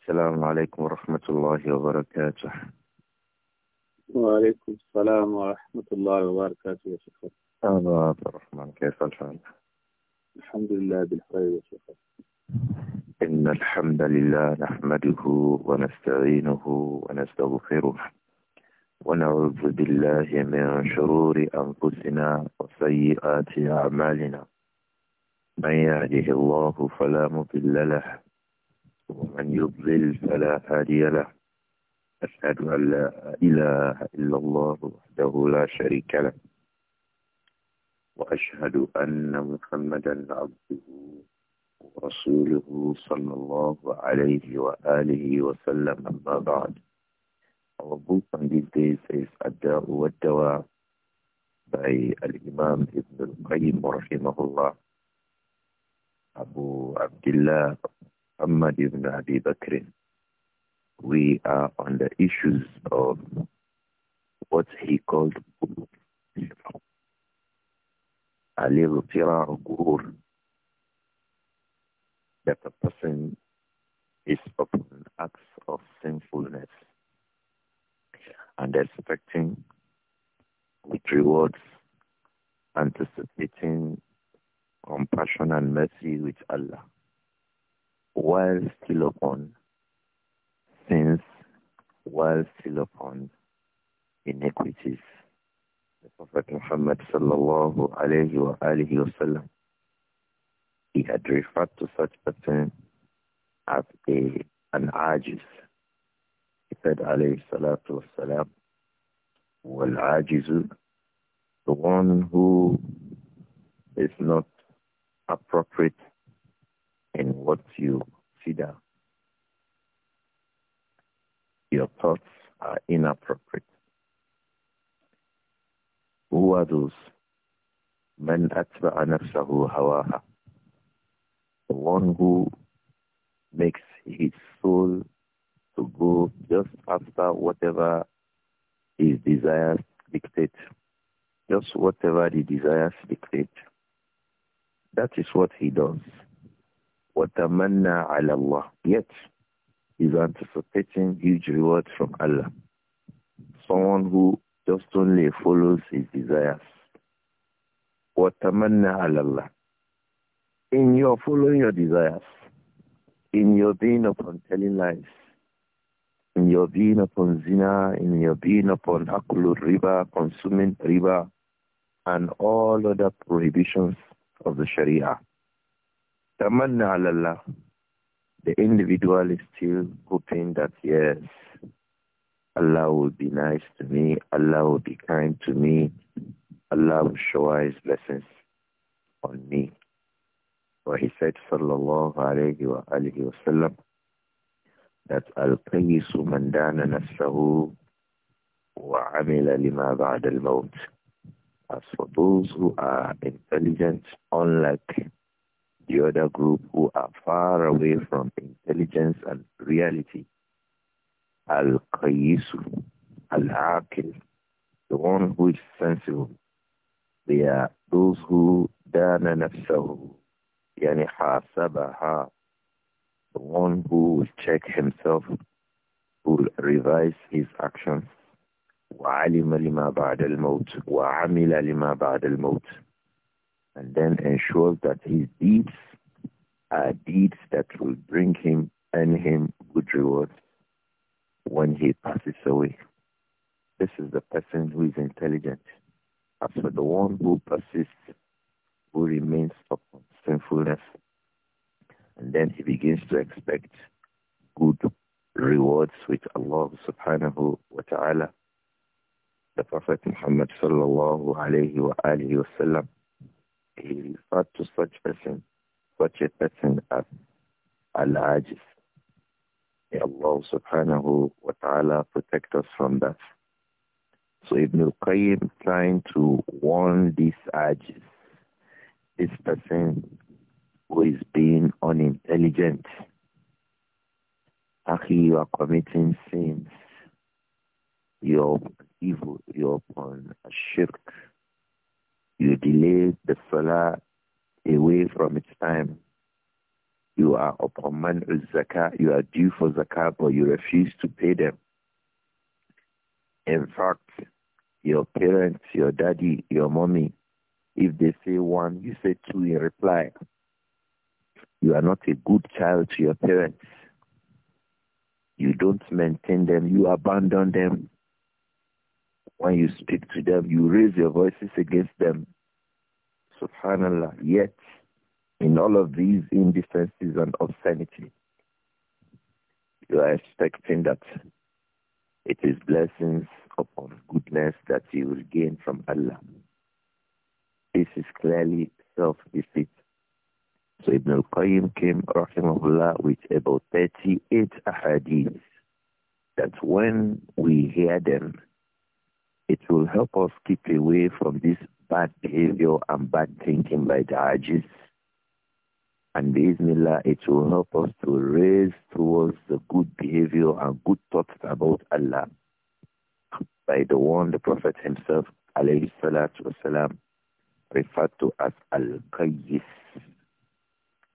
السلام عليكم ورحمة الله وبركاته وعليكم السلام ورحمة الله وبركاته يا شيخ أبا عبد الرحمن كيف الحال؟ الحمد لله بالخير يا شيخ إن الحمد لله نحمده ونستعينه ونستغفره ونعوذ بالله من شرور أنفسنا وسيئات أعمالنا من يهده الله فلا مضل له ومن يضلل فلا هادي له أشهد أن لا إله إلا الله وحده لا شريك له وأشهد أن محمدا عبده ورسوله صلى الله عليه وآله وسلم أما بعد Our book on these days is Ad-Da'u wa by Al-Imam Ibn Al-Qayyim rahimahullah Abu Abdullah Muhammad ibn Abi Bakr. We are on the issues of what he called al-ghurur, that a person is upon acts of sinfulness and expecting with rewards, anticipating compassion and mercy with Allah while still upon, since while still upon iniquities. The Prophet Muhammad sallallahu alayhi wa alihi wasallam, he had referred to such person as a, an ajiz. He said alayhi salatu salam, wal ajizu, the one who is not appropriate and what you consider your thoughts are inappropriate. Who are those? Man atba'a nafsahu hawaha. The one who makes his soul to go just after whatever his desires dictate. Just whatever the desires dictate. That is what he does. وَتَمَنَّى ala Allah? Yet, is anticipating huge rewards from Allah. Someone who just only follows his desires. وَتَمَنَّى ala Allah? In your following your desires, in your being upon telling lies, in your being upon zina, in your being upon akulu riba, consuming riba, and all other prohibitions of the Sharia. Tamanna Allah, the individual is still hoping that yes, Allah will be nice to me, Allah will be kind to me, Allah will shower his blessings on me. For he said, sallallahu alayhi wa alihi wa sallam, that al-qayyisu man dana nafsahu wa amila lima ba'da al-maut. As for those who are intelligent, unlike the other group who are far away from intelligence and reality. Al-Qayisu, Al-Aqil, the one who is sensible. They are those who dana nafsahu, yani hasabaha, the one who will check himself, who will revise his actions. وعلم لما بعد الموت وعمل لما بعد الموت and then ensures that his deeds are deeds that will bring him, and him good rewards when he passes away. This is the person who is intelligent. As for the one who persists, who remains upon sinfulness, and then he begins to expect good rewards with Allah subhanahu wa ta'ala. The Prophet Muhammad sallallahu alayhi wa alihi wa sallam he referred to such person, such a person as Al-Ajiz. May Allah subhanahu wa ta'ala protect us from that. So Ibn al-Qayyim is trying to warn this Ajiz, this person who is being unintelligent. Akhi, you are committing sins. You're evil. You're upon a shirk you delay the salah away from its time. You are upon man zakah. You are due for zakah, but you refuse to pay them. In fact, your parents, your daddy, your mommy, if they say one, you say two in reply. You are not a good child to your parents. You don't maintain them. You abandon them. When you speak to them, you raise your voices against them. Subhanallah. Yet, in all of these indecencies and obscenity, you are expecting that it is blessings upon goodness that you will gain from Allah. This is clearly self-defeat. So Ibn al-Qayyim came, rahimahullah, with about 38 ahadith that when we hear them, it will help us keep away from this bad behavior and bad thinking by the Ajis And Bismillah, it will help us to raise towards the good behavior and good thoughts about Allah by the one the Prophet himself, alayhi salatu wasalam, referred to as Al-Qayyis,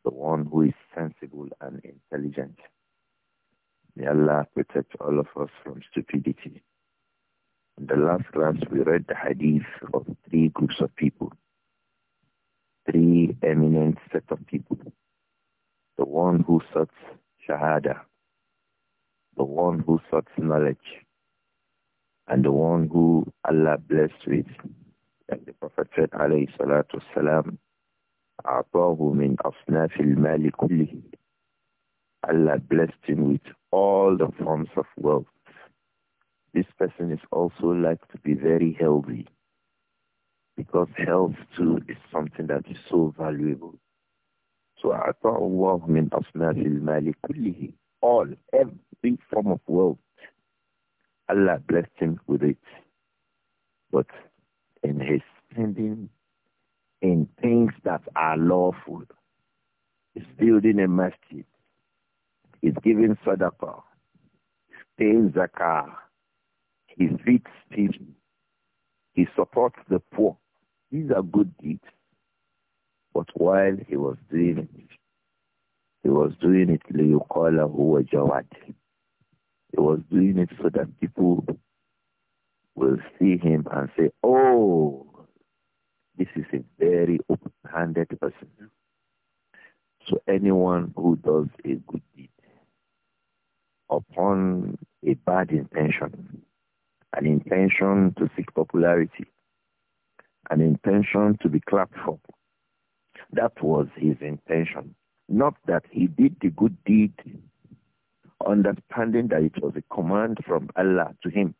the one who is sensible and intelligent. May Allah protect all of us from stupidity. In the last class, we read the hadith of three groups of people, three eminent set of people. The one who sought shahada, the one who sought knowledge, and the one who Allah blessed with. And the Prophet said, alayhi salatu wasalam, أعطاه من أصناف المال كله. Allah blessed him with all the forms of wealth this person is also like to be very healthy because health too is something that is so valuable. So أعطى الله من أصناف المال كله all, every form of wealth. Allah blessed him with it. But in his spending in things that are lawful, is building a masjid, is giving sadaqah, paying zakah, he feeds people. He supports the poor. These are good deeds. But while he was doing it, he was doing it liyuqalahu wajawad. He was doing it so that people will see him and say, oh, this is a very open-handed person. So anyone who does a good deed upon a bad intention an intention to seek popularity, an intention to be clapped for. That was his intention. Not that he did the good deed, understanding that it was a command from Allah to him.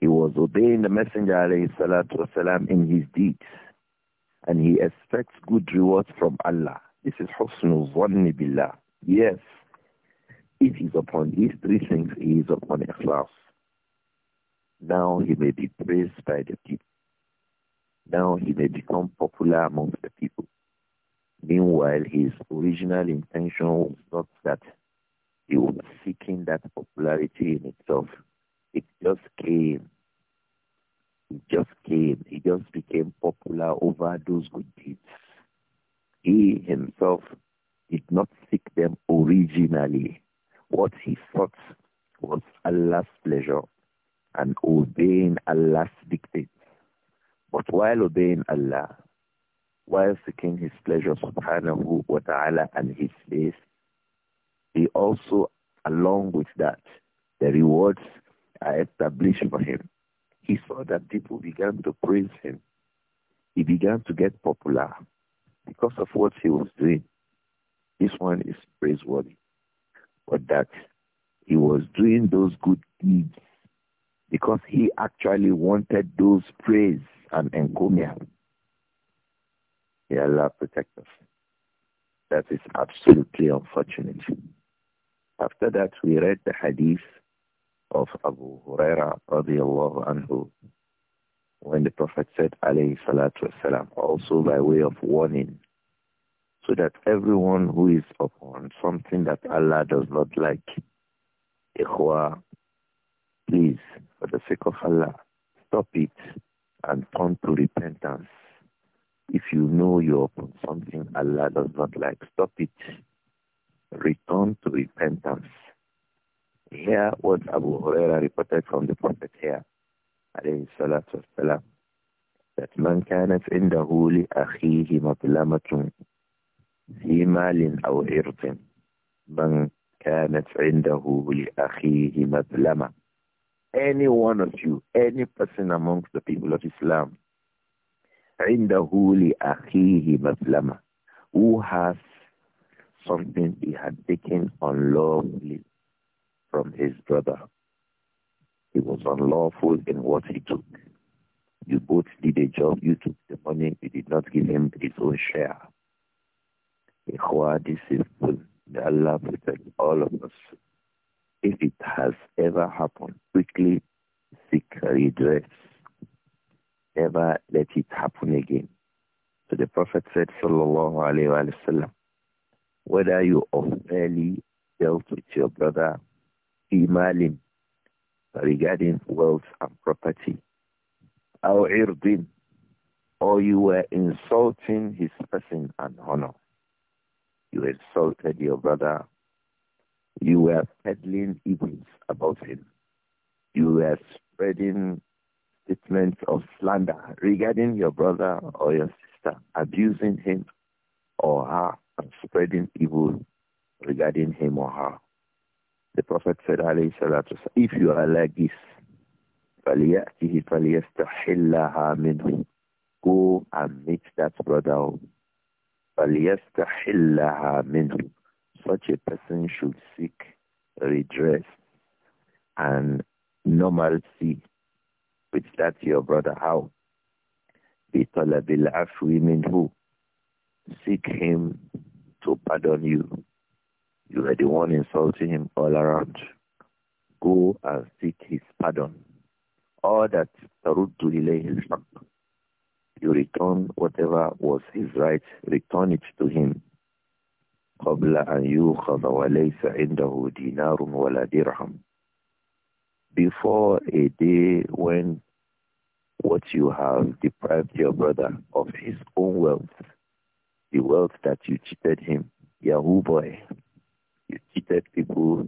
He was obeying the Messenger والسلام, in his deeds, and he expects good rewards from Allah. This is Husnul Zanni Billah. Yes, it is upon these three things, he is upon Ikhlas. Now he may be praised by the people. Now he may become popular amongst the people. Meanwhile, his original intention was not that he was seeking that popularity in itself. It just came. It just came. He just became popular over those good deeds. He himself did not seek them originally. What he sought was Allah's pleasure and obeying Allah's dictates. But while obeying Allah, while seeking his pleasure subhanahu wa ta'ala and his face, he also, along with that, the rewards are established for him. He saw that people began to praise him. He began to get popular because of what he was doing. This one is praiseworthy. But that he was doing those good deeds because he actually wanted those praise and encomium. Yeah, Allah protect us. That is absolutely unfortunate. After that, we read the hadith of Abu Huraira radiallahu anhu when the Prophet said, alayhi salatu wasalam, also by way of warning, so that everyone who is upon something that Allah does not like, ikhwa, please for the sake of Allah, stop it and turn to repentance. If you know you're upon something Allah does not like, stop it. Return to repentance. Hear what Abu Huraira reported from the Prophet here, alayhi salatu wasalam, that man كانت عنده لأخيه مظلمة في مال أو عرض من كانت عنده لأخيه مظلمة any one of you, any person amongst the people of Islam, عِنْدَهُ لِأَخِيهِ مَظْلَمَةً Who has something he had taken unlawfully from his brother. It was unlawful in what he took. You both did a job, you took the money, you did not give him his own share. Ikhwa, this May Allah protect all of us if it has ever happened, quickly seek redress. Never let it happen again. So the Prophet said, Sallallahu Alaihi Wasallam, whether you unfairly dealt with your brother, imalim, regarding wealth and property, or irdin, or you were insulting his person and honor. You insulted your brother you were peddling evils about him. You were spreading statements of slander regarding your brother or your sister, abusing him or her and spreading evil regarding him or her. The Prophet said, if you are like this, Go and meet that brother such a person should seek redress and normalcy with that your brother. How? بِطَلَبِ women who Seek him to pardon you. You are the one insulting him all around. Go and seek his pardon. All that تَرُدُّ إِلَيْهِ الْحَقِّ You return whatever was his right, return it to him. قبل أن يؤخذ وليس عنده دينار ولا درهم before a day when what you have deprived your brother of his own wealth, the wealth that you cheated him, Yahoo boy, you cheated people,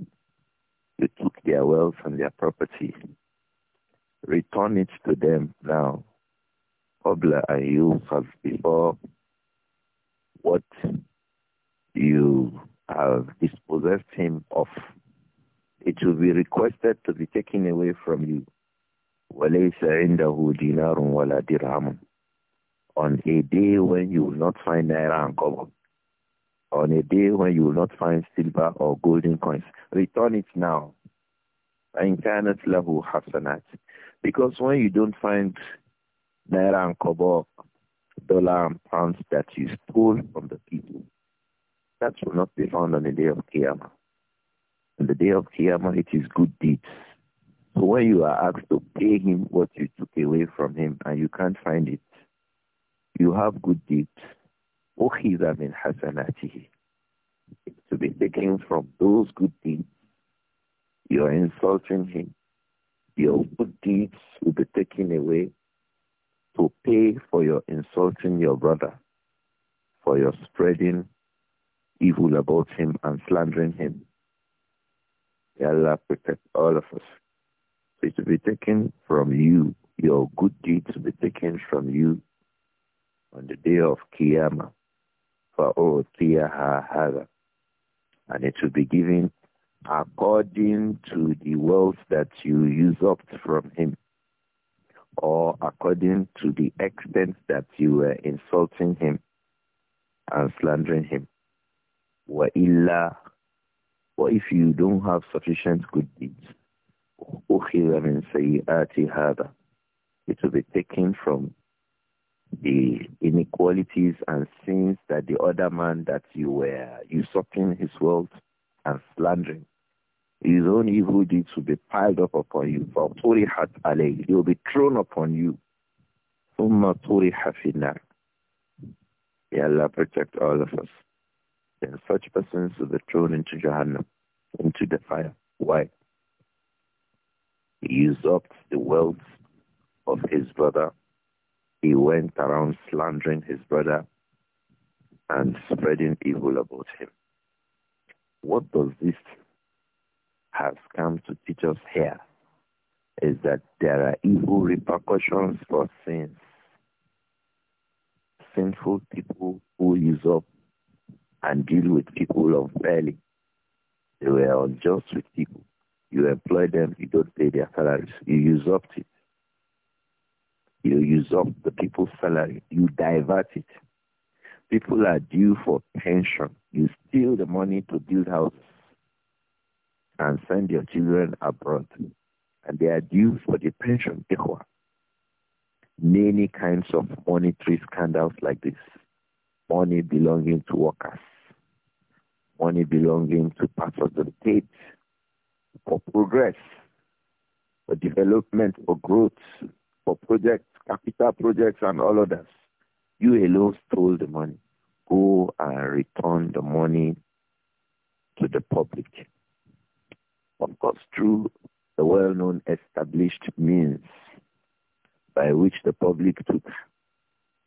you took their wealth and their property. Return it to them now. Obla and you before what you have dispossessed him of. It will be requested to be taken away from you. وَلَيْسَ عِنْدَهُ دِينَارٌ وَلَا دِرْهَمٌ On a day when you will not find naira and kobo, on a day when you will not find silver or golden coins, return it now. كَانَتْ لَهُ حَسَنَاتٍ Because when you don't find naira and kobo, dollar and pounds that you stole from the people, that will not be found on the day of Qiyamah. On the day of Qiyamah, it is good deeds. So when you are asked to pay him what you took away from him and you can't find it, you have good deeds. أُخِذَ مِنْ حَسَنَاتِهِ To be taken from those good deeds, you are insulting him. Your good deeds will be taken away to pay for your insulting your brother, for your spreading evil about him and slandering him. May Allah protect all of us. it will be taken from you, your good deeds will be taken from you on the day of Qiyamah. And it will be given according to the wealth that you usurped from him or according to the extent that you were insulting him and slandering him. وَإِلَّا Or if you don't have sufficient good deeds, أُخِذَ مِنْ سَيِّئَاتِ هَذَا It will be taken from the inequalities and sins that the other man that you were usurping his wealth and slandering. His own evil deeds will be piled up upon you. فَطُرِحَتْ It will be thrown upon you. May Allah protect all of us then such persons will be thrown into Jahannam, into the fire. Why? He usurped the wealth of his brother. He went around slandering his brother and spreading evil about him. What does this has come to teach us here is that there are evil repercussions for sins. Sinful people who usurp and deal with people unfairly. They were unjust with people. You employ them, you don't pay their salaries. You usurped it. You usurp the people's salary. You divert it. People are due for pension. You steal the money to build houses and send your children abroad. And they are due for the pension. Many kinds of monetary scandals like this. Money belonging to workers money belonging to parts of the state for progress, for development, for growth, for projects, capital projects and all others. You alone stole the money. Go and return the money to the public. Of course, through the well-known established means by which the public took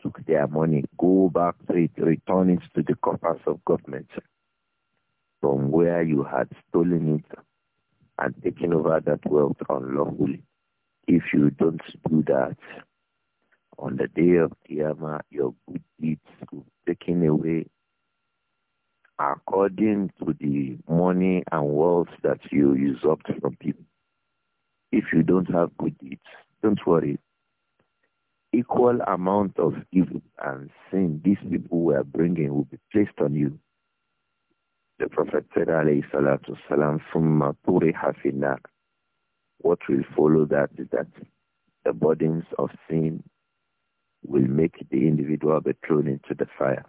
took their money, go back to it, return it to the coffers of government from where you had stolen it and taken over that wealth unlawfully. If you don't do that, on the day of Qiyamah, your good deeds will be taken away according to the money and wealth that you usurped from people. If you don't have good deeds, don't worry. Equal amount of evil and sin these people were bringing will be placed on you. The Prophet said, alayhi salatu salam, What will follow that is that the burdens of sin will make the individual be thrown into the fire.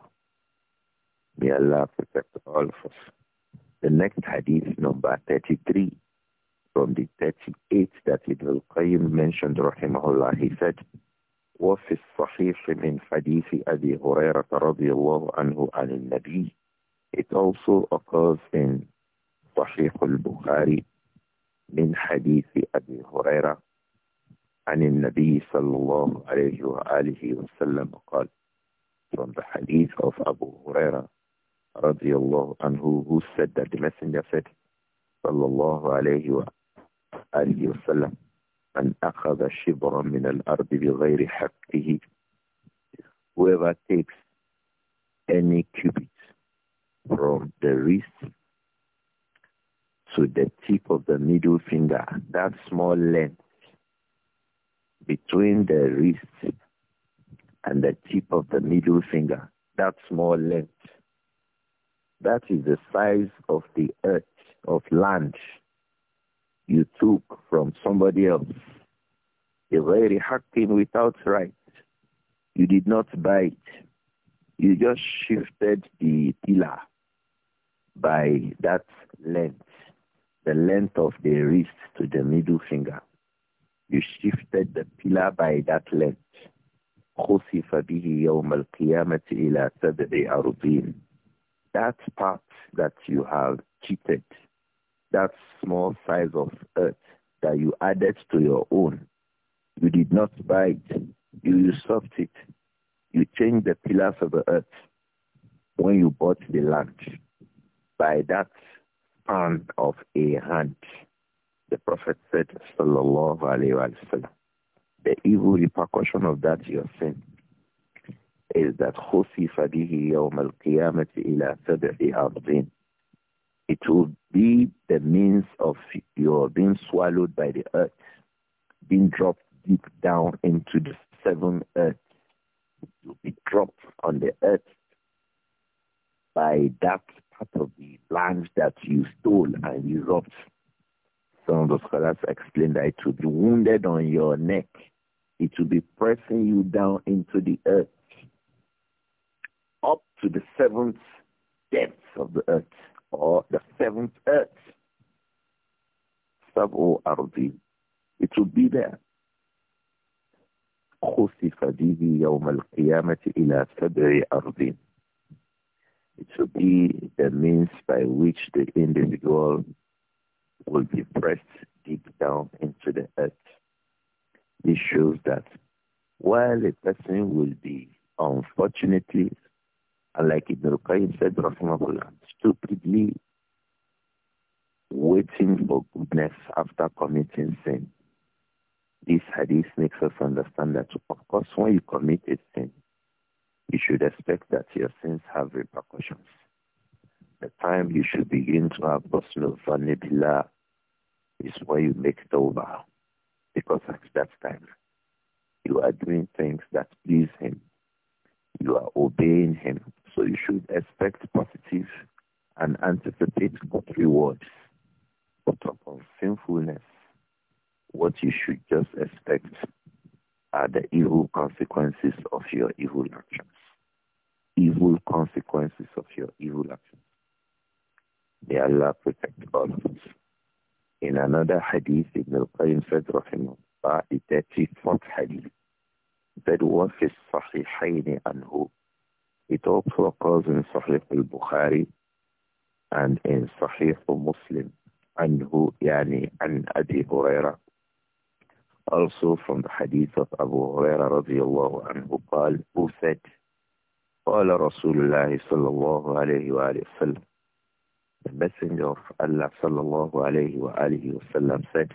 May Allah protect all of us. The next hadith, number 33, from the 38 that Ibn al-Qayyim mentioned, rahimahullah, he said, وفي الصحيح من حديث أبي هريرة رضي الله عنه عن النبي it also occurs in Sahih al-Bukhari من Hadith أبي هريرة عن النبي صلى الله عليه وآله وسلم قال from the hadith of Abu Huraira رضي الله عنه who said that the messenger said صلى الله عليه وآله وسلم من أخذ شبرا من الأرض بغير حقه whoever takes any cubit from the wrist to the tip of the middle finger, that small length between the wrist and the tip of the middle finger, that small length. That is the size of the earth, of land you took from somebody else. غير حق without right. You did not buy it. You just shifted the pillar by that length, the length of the wrist to the middle finger. You shifted the pillar by that length. خُسِفَ بِهِ يَوْمَ الْقِيَامَةِ إِلَى That part that you have cheated, that small size of earth that you added to your own, you did not buy it, you usurped it, you changed the pillars of the earth when you bought the land by that palm of a hand. The Prophet said, Sallallahu Alaihi Wasallam, the evil repercussion of that your sin is that خُسِفَ بِهِ يَوْمَ الْقِيَامَةِ إِلَى سَبْعِ أَرْضٍ It will be the means of your being swallowed by the earth, being dropped deep down into the seven earth. you will be dropped on the earth by that part of the land that you stole and you robbed. Some of the scholars explained that it will be wounded on your neck. It will be pressing you down into the earth up to the seventh depths of the earth or the seventh earth. Sabo Ardi. It will be there. خسف به يوم القيامة إلى سبع أرضين to be the means by which the individual will be pressed deep down into the earth. This shows that while a person will be unfortunately, like Ibn Qayyim said, stupidly waiting for goodness after committing sin. This hadith makes us understand that, of course, when you commit a sin, you should expect that your sins have repercussions. The time you should begin to have personal vanilla is when you make it over, Because at that time, you are doing things that please him. You are obeying him. So you should expect positive and anticipate good rewards. But upon sinfulness, what you should just expect are the evil consequences of your evil actions evil consequences of your evil actions. May Allah protect all of us. In another hadith, Ibn al-Qayyim said, rahimahullah, the 34th hadith, that was his sahihayn anhu. It also occurs in Sahih al-Bukhari and in Sahih Muslim anhu, yani an Abi Hurairah. Also from the hadith of Abu Hurairah radiallahu anhu, who said, قال رسول الله صلى الله عليه وآله وسلم The messenger of Allah صلى الله عليه وآله وسلم said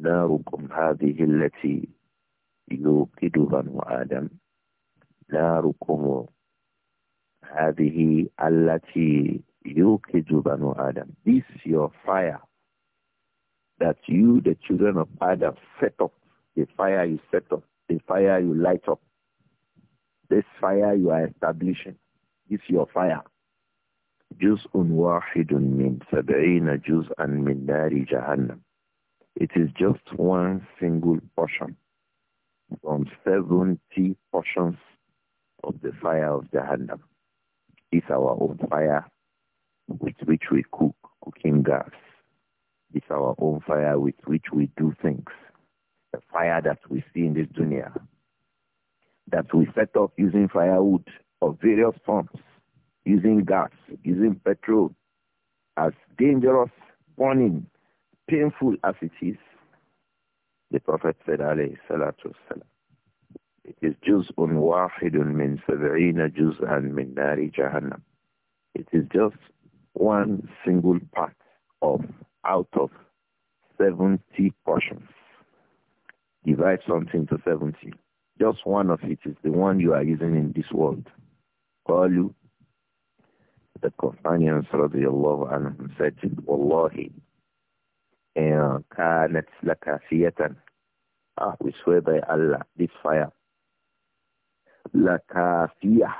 ناركم هذه التي يوقد بنو آدم ناركم هذه التي يوقد بنو آدم This your fire that you, the children of Adam, set up, the fire you set up, the fire you light up. This fire you are establishing is your fire. جزء واحد من سبعين جزءا من نار جهنم. It is just one single portion from 70 portions of the fire of Jahannam. It's our own fire with which we cook cooking gas. It's our own fire with which we do things. The fire that we see in this dunya, that we set up using firewood of various forms, using gas, using petrol, as dangerous, burning, painful as it is, the Prophet said, alayhi salatu wasalam, it is juz'un wahidun min sab'ina juz'an min nari jahannam. It is just one single part of out of 70 portions. Divide something to 70. Just one of it is the one you are using in this world. Qalu, the companions radiallahu anhum said, Wallahi, كانت لك فية Ah, we swear by Allah, this fire. La kafiyah.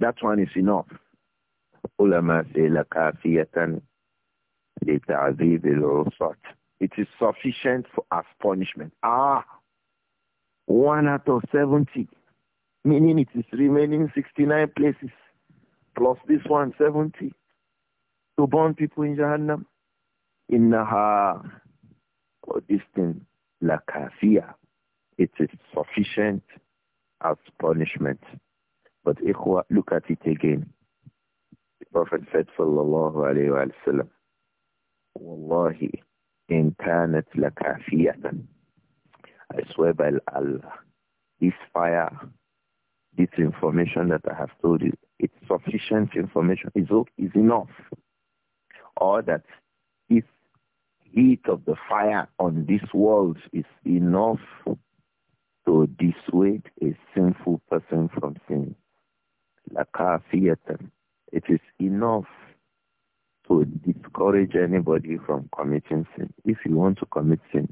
That one is enough. Ulama say la kafiyatan li ta'zib al It is sufficient for, as punishment. Ah, one out of 70, meaning it is remaining 69 places, plus this one, 70, to burn people in Jahannam. Innaha, or this thing, lakafia, it is sufficient as punishment. But ikhwa, look at it again. The Prophet said, sallallahu alayhi wa sallam, Wallahi, in kanat lakafiyatan. I swear by Allah, this fire, this information that I have told you, it's sufficient information, is is enough. Or that if heat of the fire on this world is enough to dissuade a sinful person from sin. Lakafiyatan. It is enough to discourage anybody from committing sin. If you want to commit sin,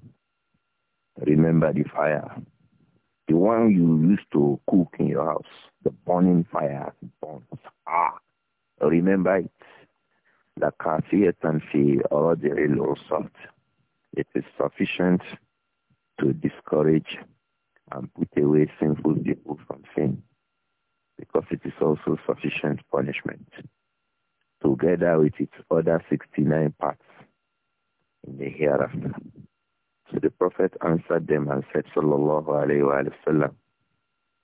Remember the fire. The one you used to cook in your house, the burning fire burns. Ah, remember it. La kafiyatan fi radi'il salt. It is sufficient to discourage and put away sinful people from sin because it is also sufficient punishment together with its other 69 parts in the hereafter. So the Prophet answered them and said, Sallallahu alayhi wa sallam,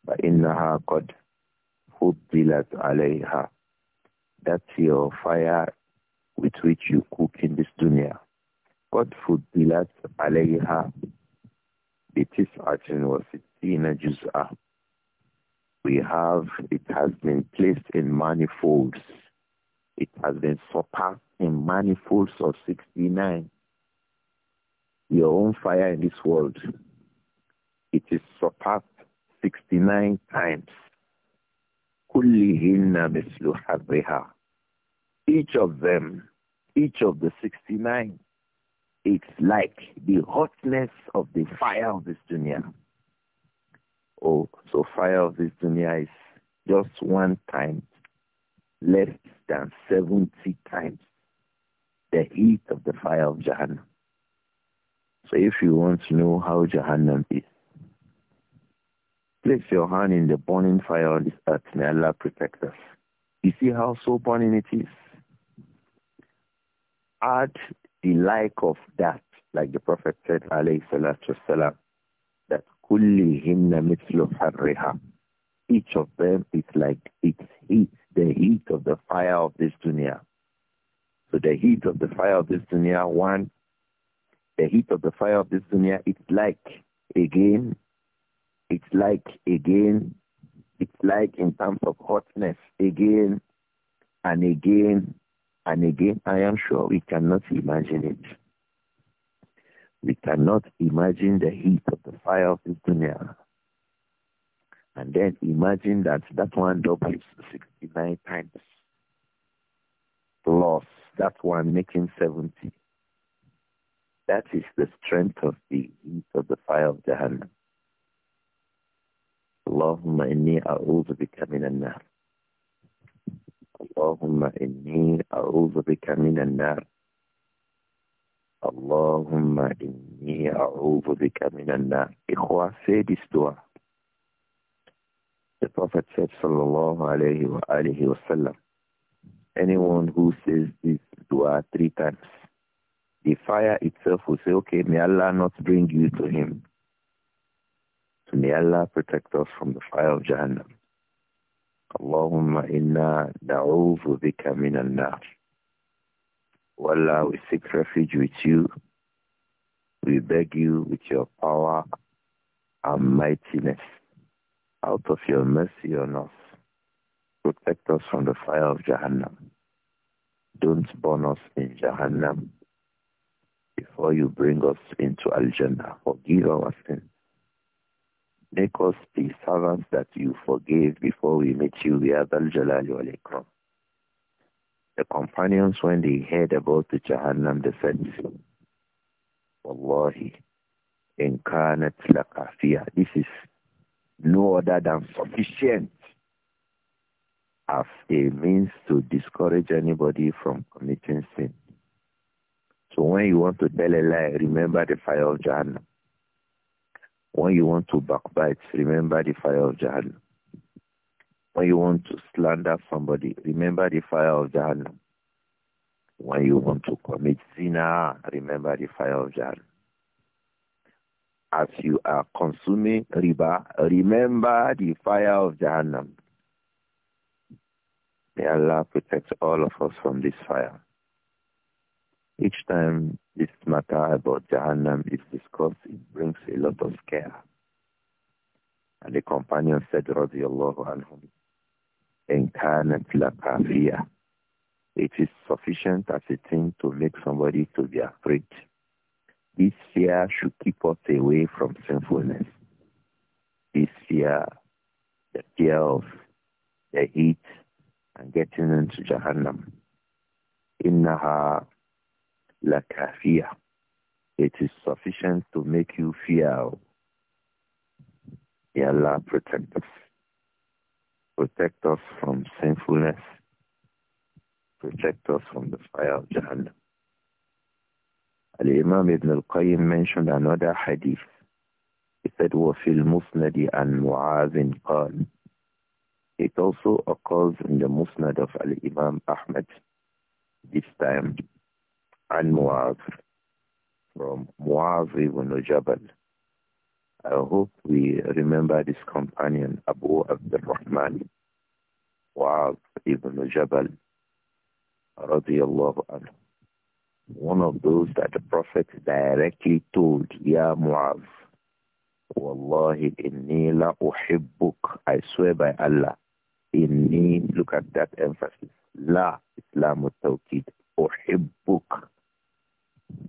فَإِنَّهَا قَدْ That's your fire with which you cook in this dunya. قَدْ It is عَلَيْهَا بِتِسْعَةٍ وَسِتِّينَ جُزْءًا We have, it has been placed in manifolds. It has been surpassed in manifolds of 69 your own fire in this world, it is surpassed 69 times. Each of them, each of the 69, it's like the hotness of the fire of this dunya. Oh, so fire of this dunya is just one time less than 70 times the heat of the fire of Jahannam if you want to know how Jahannam is. Place your hand in the burning fire on this earth. May Allah protect us. You see how so burning it is? Add the like of that, like the Prophet said, alayhi salatu salam, that kullihinna mitlu harriha. Each of them is like its heat, the heat of the fire of this dunya. So the heat of the fire of this dunya, one the heat of the fire of this dunya, it's like again, it's like again, it's like in terms of hotness again and again and again. I am sure we cannot imagine it. We cannot imagine the heat of the fire of this dunya. And then imagine that that one doubles 69 times plus that one making 70 that is the strength of the heat of the fire of Jahannam. Allahumma inni a'udhu min minan nar. Allahumma inni a'udhu min minan nar. Allahumma inni a'udhu min minan nar. Ikhwa, say this dua. The Prophet said, sallallahu alayhi wa alihi wa anyone who says this dua three times, the fire itself will say, okay, may Allah not bring you to him. So may Allah protect us from the fire of Jahannam. Allahumma inna da'uvu bika min al-nar. Wallah, we seek refuge with you. We beg you with your power and mightiness out of your mercy on us. Protect us from the fire of Jahannam. Don't burn us in Jahannam before you bring us into Al-Jannah. Forgive our sins. Make us the servants that you forgave before we meet you. We are Al-Jalal The companions, when they heard about the Jahannam, they said, Wallahi, incarnate lakafia. This is no other than sufficient as a means to discourage anybody from committing sin. So when you want to tell a lie, remember the fire of Jahannam. When you want to backbite, remember the fire of Jahannam. When you want to slander somebody, remember the fire of Jahannam. When you want to commit zina, remember the fire of Jahannam. As you are consuming riba, remember the fire of Jahannam. May Allah protect all of us from this fire. Each time this matter about Jahannam is discussed, it brings a lot of care. And the companion said, radiallahu anhum, Enkanat lakafiyah. It is sufficient as a thing to make somebody to be afraid. This fear should keep us away from sinfulness. This fear, the fear of the heat and getting into Jahannam. إنها fear. It is sufficient to make you fear. Allah protect us. Protect us from sinfulness. Protect us from the fire of Jahannam. Al-Imam Ibn al-Qayyim mentioned another hadith. He said, وَفِي الْمُسْنَدِ عَنْ مُعَاذٍ قَالٍ It also occurs in the Musnad of Al-Imam Ahmad. This time, عن from Muaz ibn Jabal. I hope we remember this companion, Abu Abdullah Rahman, Muaz ibn Jabal, radiallahu anhu. One of those that the Prophet directly told, Ya Muaz, Wallahi inni la uhibbuk. I swear by Allah. Inni, look at that emphasis. La, Islam tawqid, uhibbuk.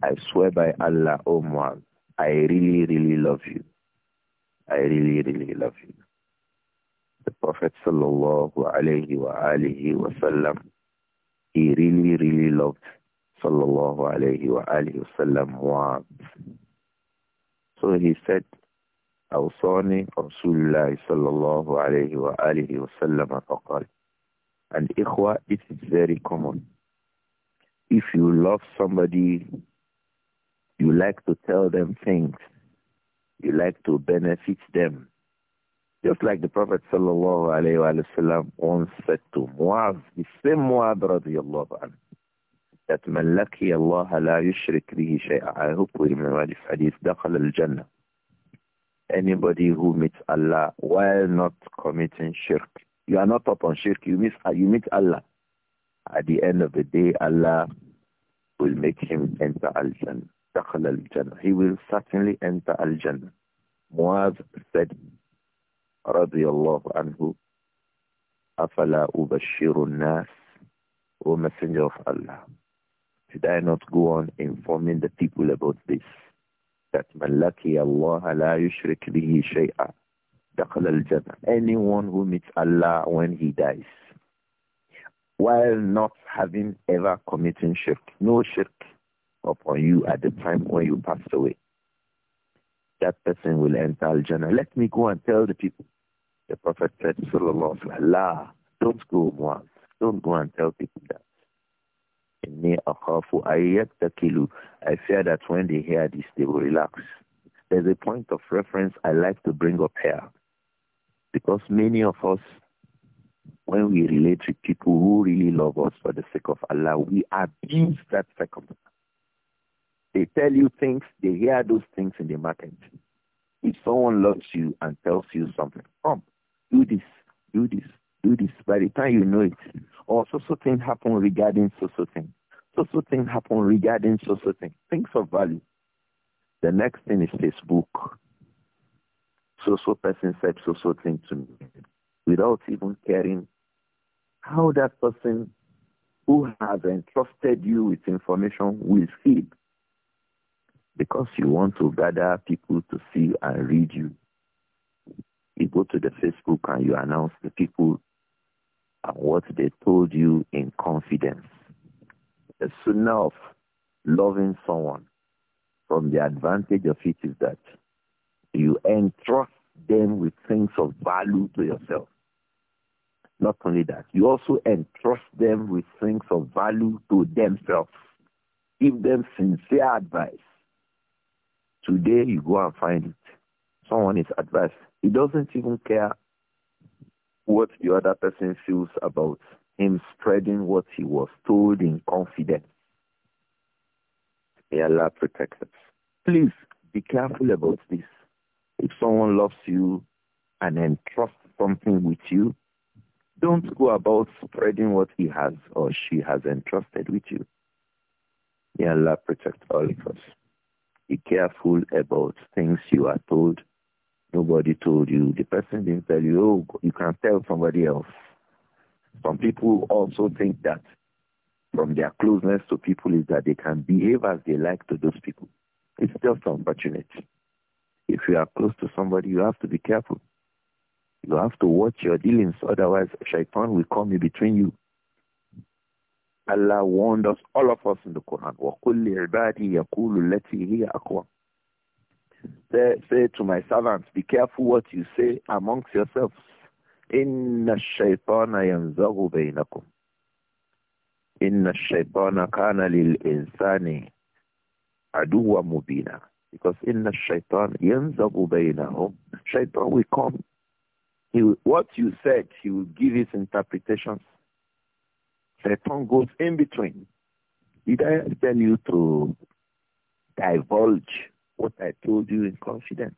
I swear by Allah, O oh Muad, I really, really love you. I really, really love you. The Prophet sallallahu alayhi wa alihi wasallam, he really, really loved sallallahu alayhi wa alihi wasallam Muad. So he said, أوصاني رسول الله صلى الله عليه وآله وسلم فقال and ikhwa, it is very common. If you love somebody you like to tell them things. You like to benefit them. Just like the Prophet sallallahu alayhi wasallam once said to Muaz, the same Muaz radiallahu anhu, that من Allah الله لا يشرك به شيئا I hope we remember this hadith دخل الجنة anybody who meets Allah while not committing shirk you are not upon shirk you meet, you meet Allah at the end of the day Allah will make him enter al-Jannah دخل الجنة. He will certainly enter al-Jannah. Muaz said, رضي الله عنه, أفلا أبشر الناس O Messenger of Allah. Did I not go on informing the people about this? That من لقي الله لا يشرك به شيئا دخل الجنة. Anyone who meets Allah when he dies, while not having ever committed shirk, no shirk, upon you at the time when you passed away. That person will enter Al-Jannah. Let me go and tell the people. The Prophet said, Sallallahu Alaihi don't go, Muaz. Don't go and tell people that. I fear that when they hear this, they will relax. There's a point of reference I like to bring up here. Because many of us, when we relate with people who really love us for the sake of Allah, we abuse that circumstance. They tell you things, they hear those things in the market. If someone loves you and tells you something, come, do this, do this, do this. By the time you know it, or so so thing happen regarding so so thing. So so thing happen regarding so so thing. Things of value. The next thing is Facebook. So so person said so so thing to me without even caring how that person who has entrusted you with information will it because you want to gather people to see and read you. You go to the Facebook and you announce the people and what they told you in confidence. The sunnah of loving someone from the advantage of it is that you entrust them with things of value to yourself. Not only that, you also entrust them with things of value to themselves. Give them sincere advice Today you go and find it. Someone is advised. He doesn't even care what the other person feels about him spreading what he was told in confidence. May Allah protect us. Please be careful about this. If someone loves you and entrusts something with you, don't go about spreading what he has or she has entrusted with you. May Allah protect all of us. Be careful about things you are told. Nobody told you. The person didn't tell you. Oh, you can tell somebody else. Some people also think that from their closeness to people is that they can behave as they like to those people. It's just unfortunate. If you are close to somebody, you have to be careful. You have to watch your dealings, otherwise shaitan will come in between you. Allah warned us, all of us in the Quran, وَقُلْ لِعِبَادِي يَقُولُ الَّتِي هِيَ أَقْوَمُ say, say to my servants, be careful what you say amongst yourselves. إِنَّ الشَّيْطَانَ يَنْزَغُ بَيْنَكُمْ إِنَّ الشَّيْطَانَ كَانَ لِلْإِنسَانِ عَدُوًا مُبِينًا Because إِنَّ الشَّيْطَانَ يَنْزَغُ بَيْنَهُم Shaitan will come. He what you said, he will give his interpretations tongue goes in between. Did I tell you to divulge what I told you in confidence?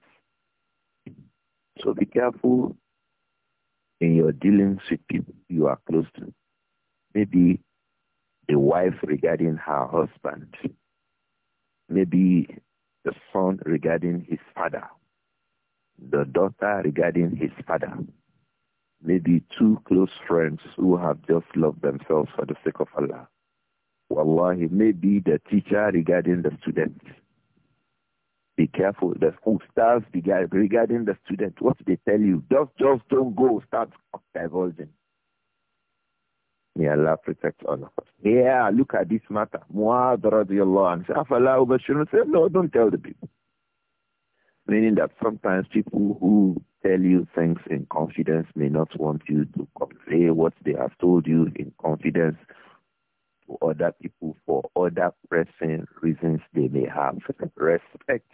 So be careful in your dealings with people you are close to. Maybe the wife regarding her husband. Maybe the son regarding his father. The daughter regarding his father maybe two close friends who have just loved themselves for the sake of Allah. Wallahi, maybe the teacher regarding the student. Be careful, the school staff regarding the student, what they tell you. Just, just don't go, start divulging. May Allah protect all of us. Yeah, look at this matter. Muad radiallahu anhu. Afala Ubashirun said, no, don't tell the people. Meaning that sometimes people who tell you things in confidence may not want you to convey what they have told you in confidence to other people for other pressing reasons they may have. Respect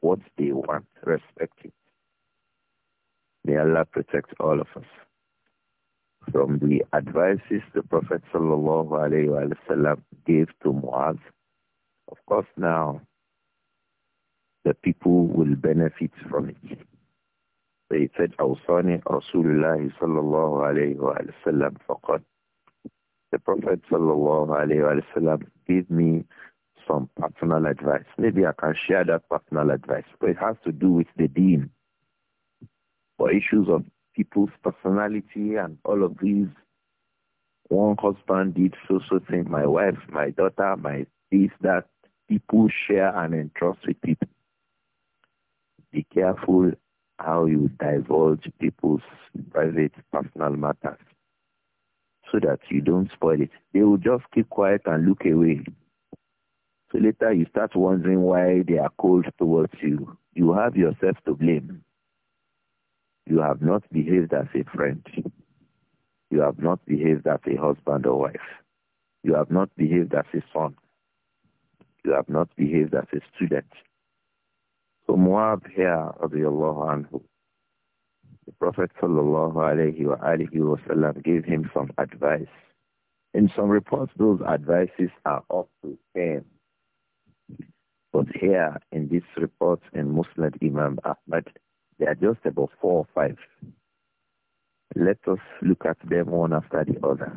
what they want. Respect it. May Allah protect all of us. From the advices the Prophet gave to Muaz, of course now the people will benefit from it. So said, Awsani Rasulullah sallallahu alayhi wa sallam faqad. The Prophet sallallahu alayhi wa sallam gave me some personal advice. Maybe I can share that personal advice, but it has to do with the deen. For issues of people's personality and all of these, one husband did so-so thing, my wife, my daughter, my this, that, people share and entrust with people. Be careful how you divulge people's private personal matters so that you don't spoil it. They will just keep quiet and look away. So later you start wondering why they are cold towards you. You have yourself to blame. You have not behaved as a friend. You have not behaved as a husband or wife. You have not behaved as a son. You have not behaved as a student. So Muab here, Allah anhu, the Prophet sallallahu alayhi wa alihi wa sallam gave him some advice. In some reports, those advices are up to 10. But here, in this report in Muslim Imam Ahmad, they are just about four or five. Let us look at them one after the other.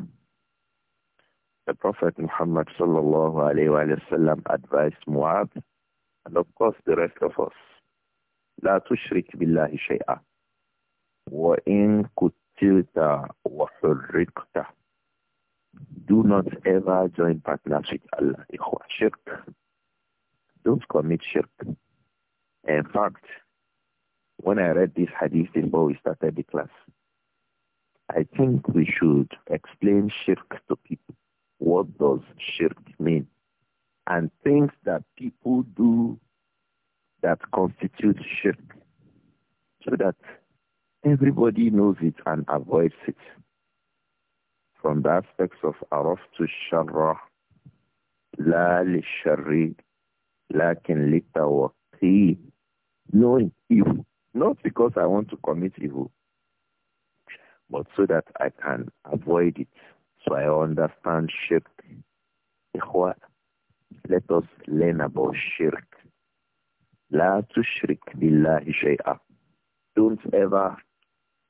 The Prophet Muhammad sallallahu alayhi wa sallam advised Muab and of course the rest of us. لا تشرك بالله شيئا وإن قتلت وحرقت Do not ever join partners with Allah. إخوة shirk. Don't commit shirk. In fact, when I read this hadith before we started the class, I think we should explain shirk to people. What does shirk mean? and things that people do that constitute shirk so that everybody knows it and avoids it. From the aspects of araf to sharra, la li sharri, lakin li tawaqi, knowing evil, not because I want to commit evil, but so that I can avoid it. So I understand shirk let us learn about shirk. La tushrik billahi shay'a. Don't ever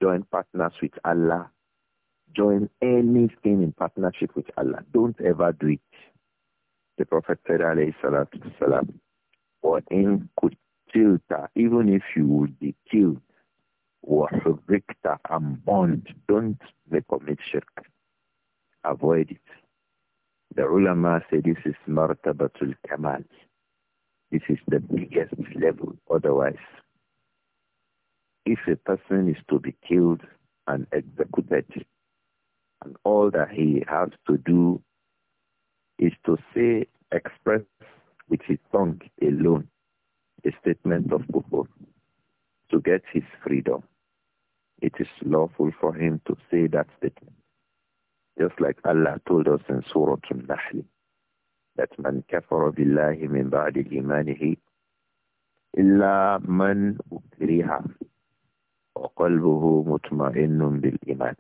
join partners with Allah. Join anything in partnership with Allah. Don't ever do it. The Prophet said, alayhi salatu or in قُتِلْتَ Even if you would be killed, or وَحُرِّكْتَ and bond. don't commit shirk. Avoid it. The ulama say this is martabatul kamal. This is the biggest level. Otherwise, if a person is to be killed and executed, and all that he has to do is to say, express with his tongue alone a statement of kufur to get his freedom. It is lawful for him to say that statement. Just like Allah told us in Surah An-Nahl that man kafara billahi min ba'di imanihi illa man ukriha wa qalbuhu mutma'innun bil iman.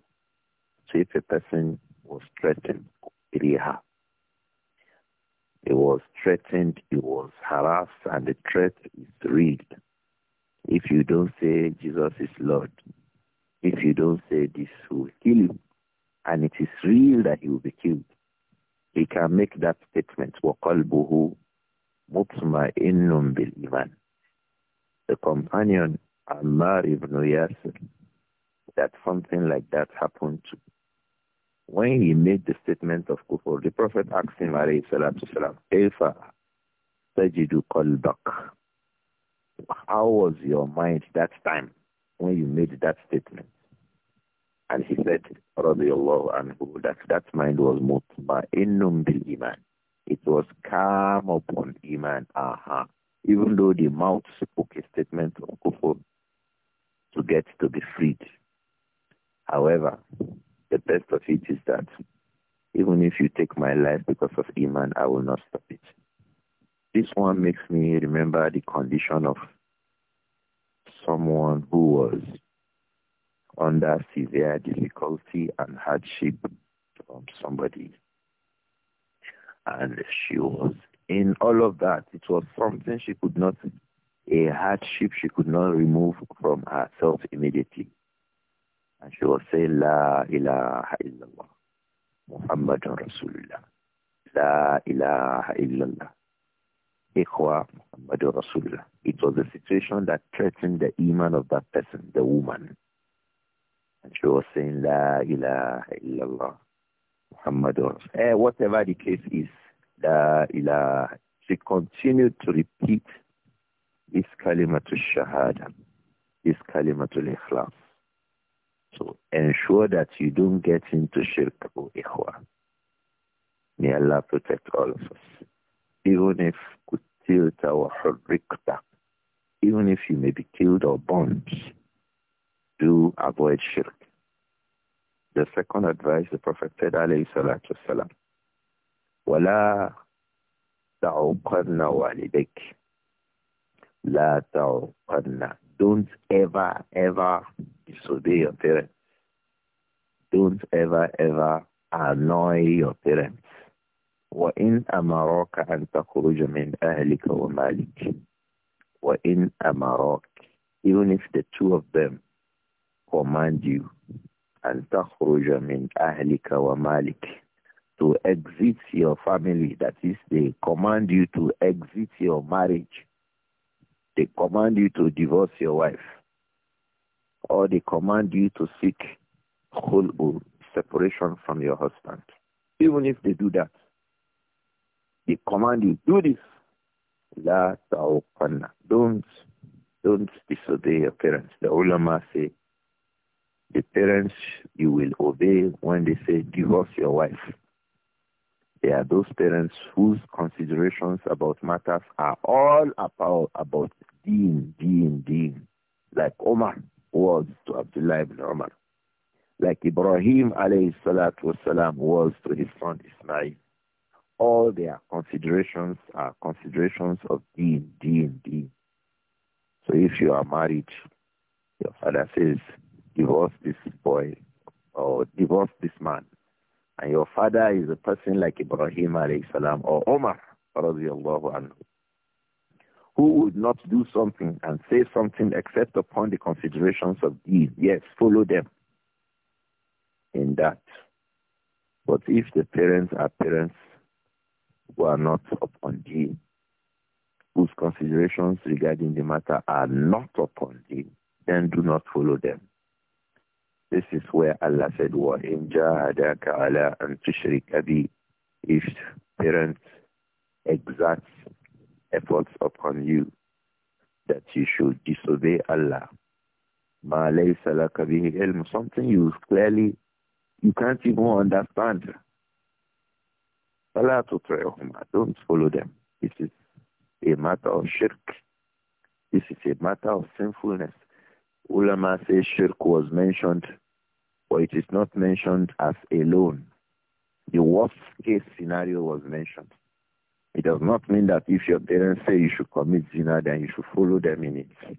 So if a person was threatened, ukriha, he was threatened, he was harassed, and the threat is real. If you don't say Jesus is Lord, if you don't say this will kill you, and it is real that he will be killed, he can make that statement, وَقَلْبُهُ مُطْمَئِنٌ بِالْإِيمَانِ The companion, Ammar ibn Yasir, that something like that happened to. When he made the statement of kufr, the Prophet asked him, alayhi salam, Kaifa tajidu qalbak? How was your mind that time when you made that statement? And he said, radiallahu anhu, that that mind was mutma'innum bil iman. It was calm upon iman. Aha. Even though the mouth spoke a statement of kufur to get to be freed. However, the best of it is that even if you take my life because of iman, I will not stop it. This one makes me remember the condition of someone who was under severe difficulty and hardship from somebody. And she was in all of that. It was something she could not, a hardship she could not remove from herself immediately. And she was saying, La ilaha illallah, Muhammadun Rasulullah. La ilaha illallah. Muhammadun It was a situation that threatened the iman of that person, the woman. And she was saying, La ilaha illallah, Muhammadur. Eh, whatever the case is, La ilaha. She continued to repeat this kalimatul shahada, this kalimatul ikhlas. So ensure that you don't get into shirk or ikhwa. May Allah protect all of us. Even if kutilta or hurrikta, even if you may be killed or burned, do avoid shirk. The second advice the Prophet said, alayhi salatu wasalam, وَلَا تَعُقَرْنَ وَالِدَيْكِ لَا تَعُقَرْنَ Don't ever, ever disobey your parents. Don't ever, ever annoy your parents. وَإِنْ أَمَرَكَ أَنْ تَخْرُجَ مِنْ أَهْلِكَ وَمَالِكَ وَإِنْ أَمَرَكَ Even if the two of them command you and takhruja min ahlika wa malik to exit your family. That is, they command you to exit your marriage. They command you to divorce your wife. Or they command you to seek separation from your husband. Even if they do that, they command you, do this. La ta'uqanna. Don't, don't disobey your parents. The ulama say, the parents you will obey when they say, give us your wife. They are those parents whose considerations about matters are all about, about deen, deen, deen. Like Omar was to Abdullah ibn Omar. Like Ibrahim alayhi salatu wasalam was to his son Ismail. All their considerations are considerations of deen, deen, deen. So if you are married, your father says, divorce this boy or divorce this man. And your father is a person like Ibrahim alayhi salam or Omar radiallahu anhu, who would not do something and say something except upon the considerations of deed. Yes, follow them in that. But if the parents are parents who are not upon deed, whose considerations regarding the matter are not upon deed, then do not follow them. This is where Allah said, وَإِن جَاهَدَكَ عَلَىٰ أَن تُشْرِكَ بِي If parents exact efforts upon you that you should disobey Allah, مَا لَيْسَ لَكَ بِهِ إِلْمٌ Something you clearly, you can't even understand. فَلَا تُطْعِهُمَا Don't follow them. This is a matter of shirk. This is a matter of sinfulness. Ulama says shirk was mentioned but it is not mentioned as a loan. The worst case scenario was mentioned. It does not mean that if your parents say you should commit zina, then you should follow them in it.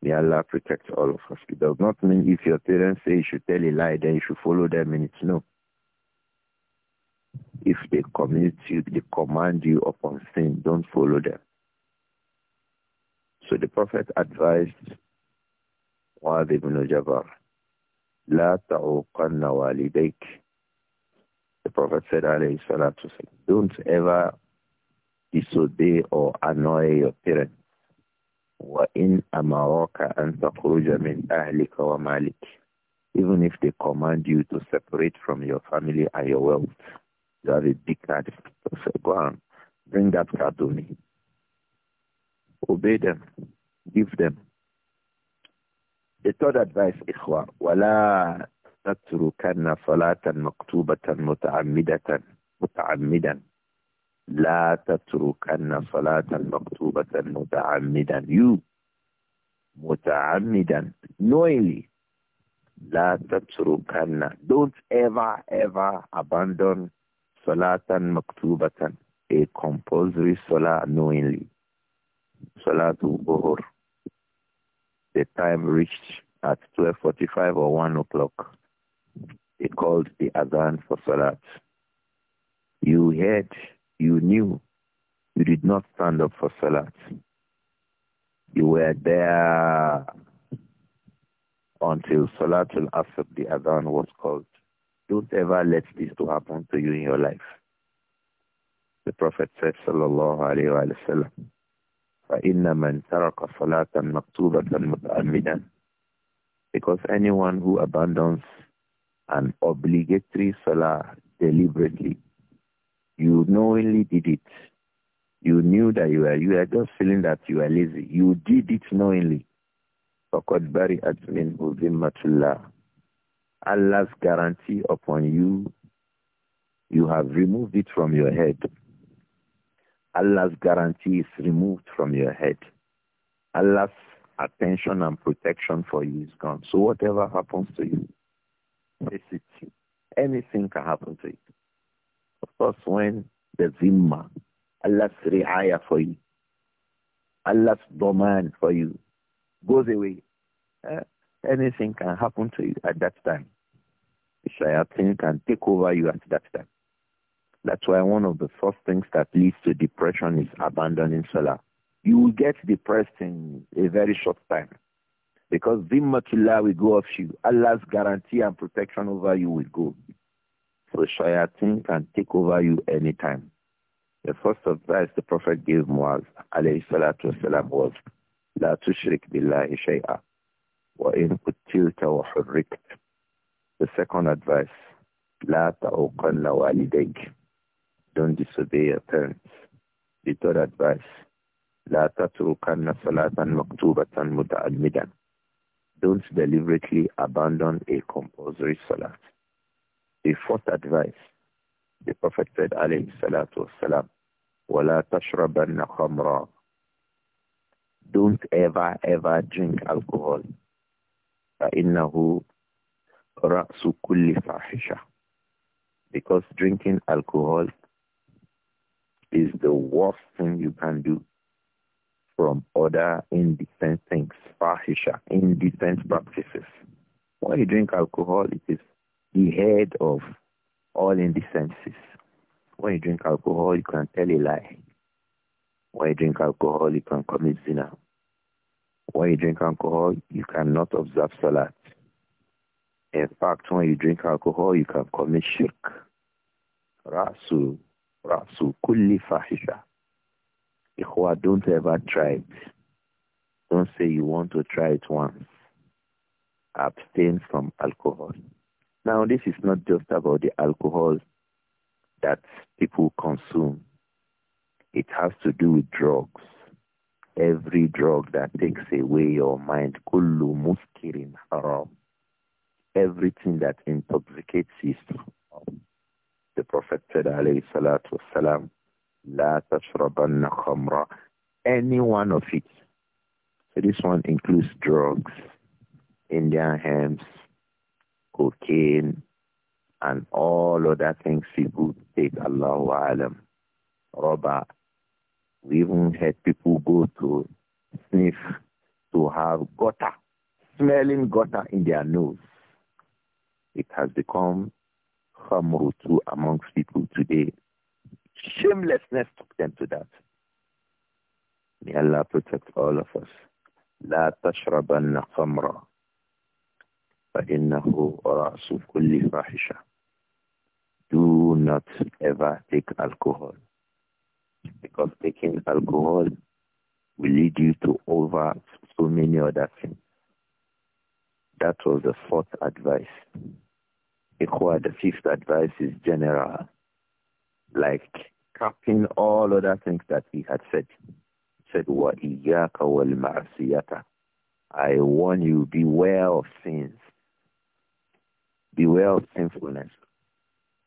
May Allah protect all of us. It does not mean if your parents say you should tell a lie, then you should follow them in it. No. If they commit you, they command you upon sin, don't follow them. So the Prophet advised Muad ibn Jabbar لا تعوقن والديك the Prophet said, alayhi salatu don't ever disobey or annoy your parents. وَإِنْ أَمَرَكَ أَنْ تَخْرُجَ مِنْ أَهْلِكَ وَمَالِكَ Even if they command you to separate from your family and your wealth, you have a big card. So go on, bring that card to me. Obey them. Give them. The third advice, ikhwa, وَلَا تَتْرُكَنَّ صَلَاةً مَكْتُوبَةً مُتَعَمِّدَةً مُتَعَمِّدًا لَا تَتْرُكَنَّ صَلَاةً مَكْتُوبَةً مُتَعَمِّدًا You, مُتَعَمِّدًا, knowingly, La tatrukanna. Don't ever, ever abandon salatan maktubatan, a compulsory صلاة knowingly. Salatu الظهر the time reached at 12.45 or 1 o'clock, he called the Adhan for Salat. You heard, you knew, you did not stand up for Salat. You were there until Salatul Asr, the Adhan was called. Don't ever let this to happen to you in your life. The Prophet said, Sallallahu Alaihi Wasallam, فإن ترك صلاة مكتوبة متعمدا because anyone who abandons an obligatory salah deliberately, you knowingly did it. You knew that you were you are just feeling that you were lazy. You did it knowingly. فَقَدْ بَرِئَتْ مِنْهُ ذِمَّةُ اللَّهِ Allah's guarantee upon you, you have removed it from your head. Allah's guarantee is removed from your head. Allah's attention and protection for you is gone. So whatever happens to you, face it. Anything can happen to you. Of course, when the zimma, Allah's ri'ayah for you, Allah's domain for you goes away, eh, anything can happen to you at that time. The shayateen can take over you at that time. That's why one of the first things that leads to depression is abandoning Salah. You will get depressed in a very short time because Zimmatullah will go off you. Allah's guarantee and protection over you will go. So Shayatin can take over you anytime. The first advice the Prophet gave Muaz alayhi salatu wasalam was, لا تشرك بالله شيئا وإن قتلت وحركت. The second advice, لا تعوقن والديك. Don't disobey your parents. The third advice, لا تتركن صلاة مكتوبة متعمدا. Don't deliberately abandon a compulsory salat. The fourth advice, the Prophet said, عليه الصلاة والسلام, ولا تشربن خمرا. Don't ever, ever drink alcohol. فإنه رأس كل فاحشة. Because drinking alcohol is the worst thing you can do from other indecent things, fahisha, indecent practices. When you drink alcohol, it is the head of all indecencies. When you drink alcohol, you can tell a lie. When you drink alcohol, you can commit zina. When you drink alcohol, you cannot observe salat. In fact, when you drink alcohol, you can commit shirk. Rasul Rasu kulli fahisha. Ikhwa, don't ever try it. Don't say you want to try it once. Abstain from alcohol. Now, this is not just about the alcohol that people consume. It has to do with drugs. Every drug that takes away your mind, kullu muskirin haram. Everything that intoxicates you the Prophet said, alayhi salatu wasalam, la tashrabanna khamra. Any one of it. So this one includes drugs, Indian hams, cocaine, and all other things people take, Allahu alam. Rubber. We even had people go to sniff to have gutter, smelling gutter in their nose. It has become khamru too amongst people today. Shamelessness took them to that. May Allah protect all of us. لا تشربن خمرا فإنه رأس كل فاحشة. Do not ever take alcohol because taking alcohol will lead you to over so many other things. That was the fourth advice. Ikhwa, the fifth advice is general, like capping all other things that he had said. He said, وَإِيَّاكَ وَالْمَعْصِيَةَ I warn you, beware of sins. Beware of sinfulness.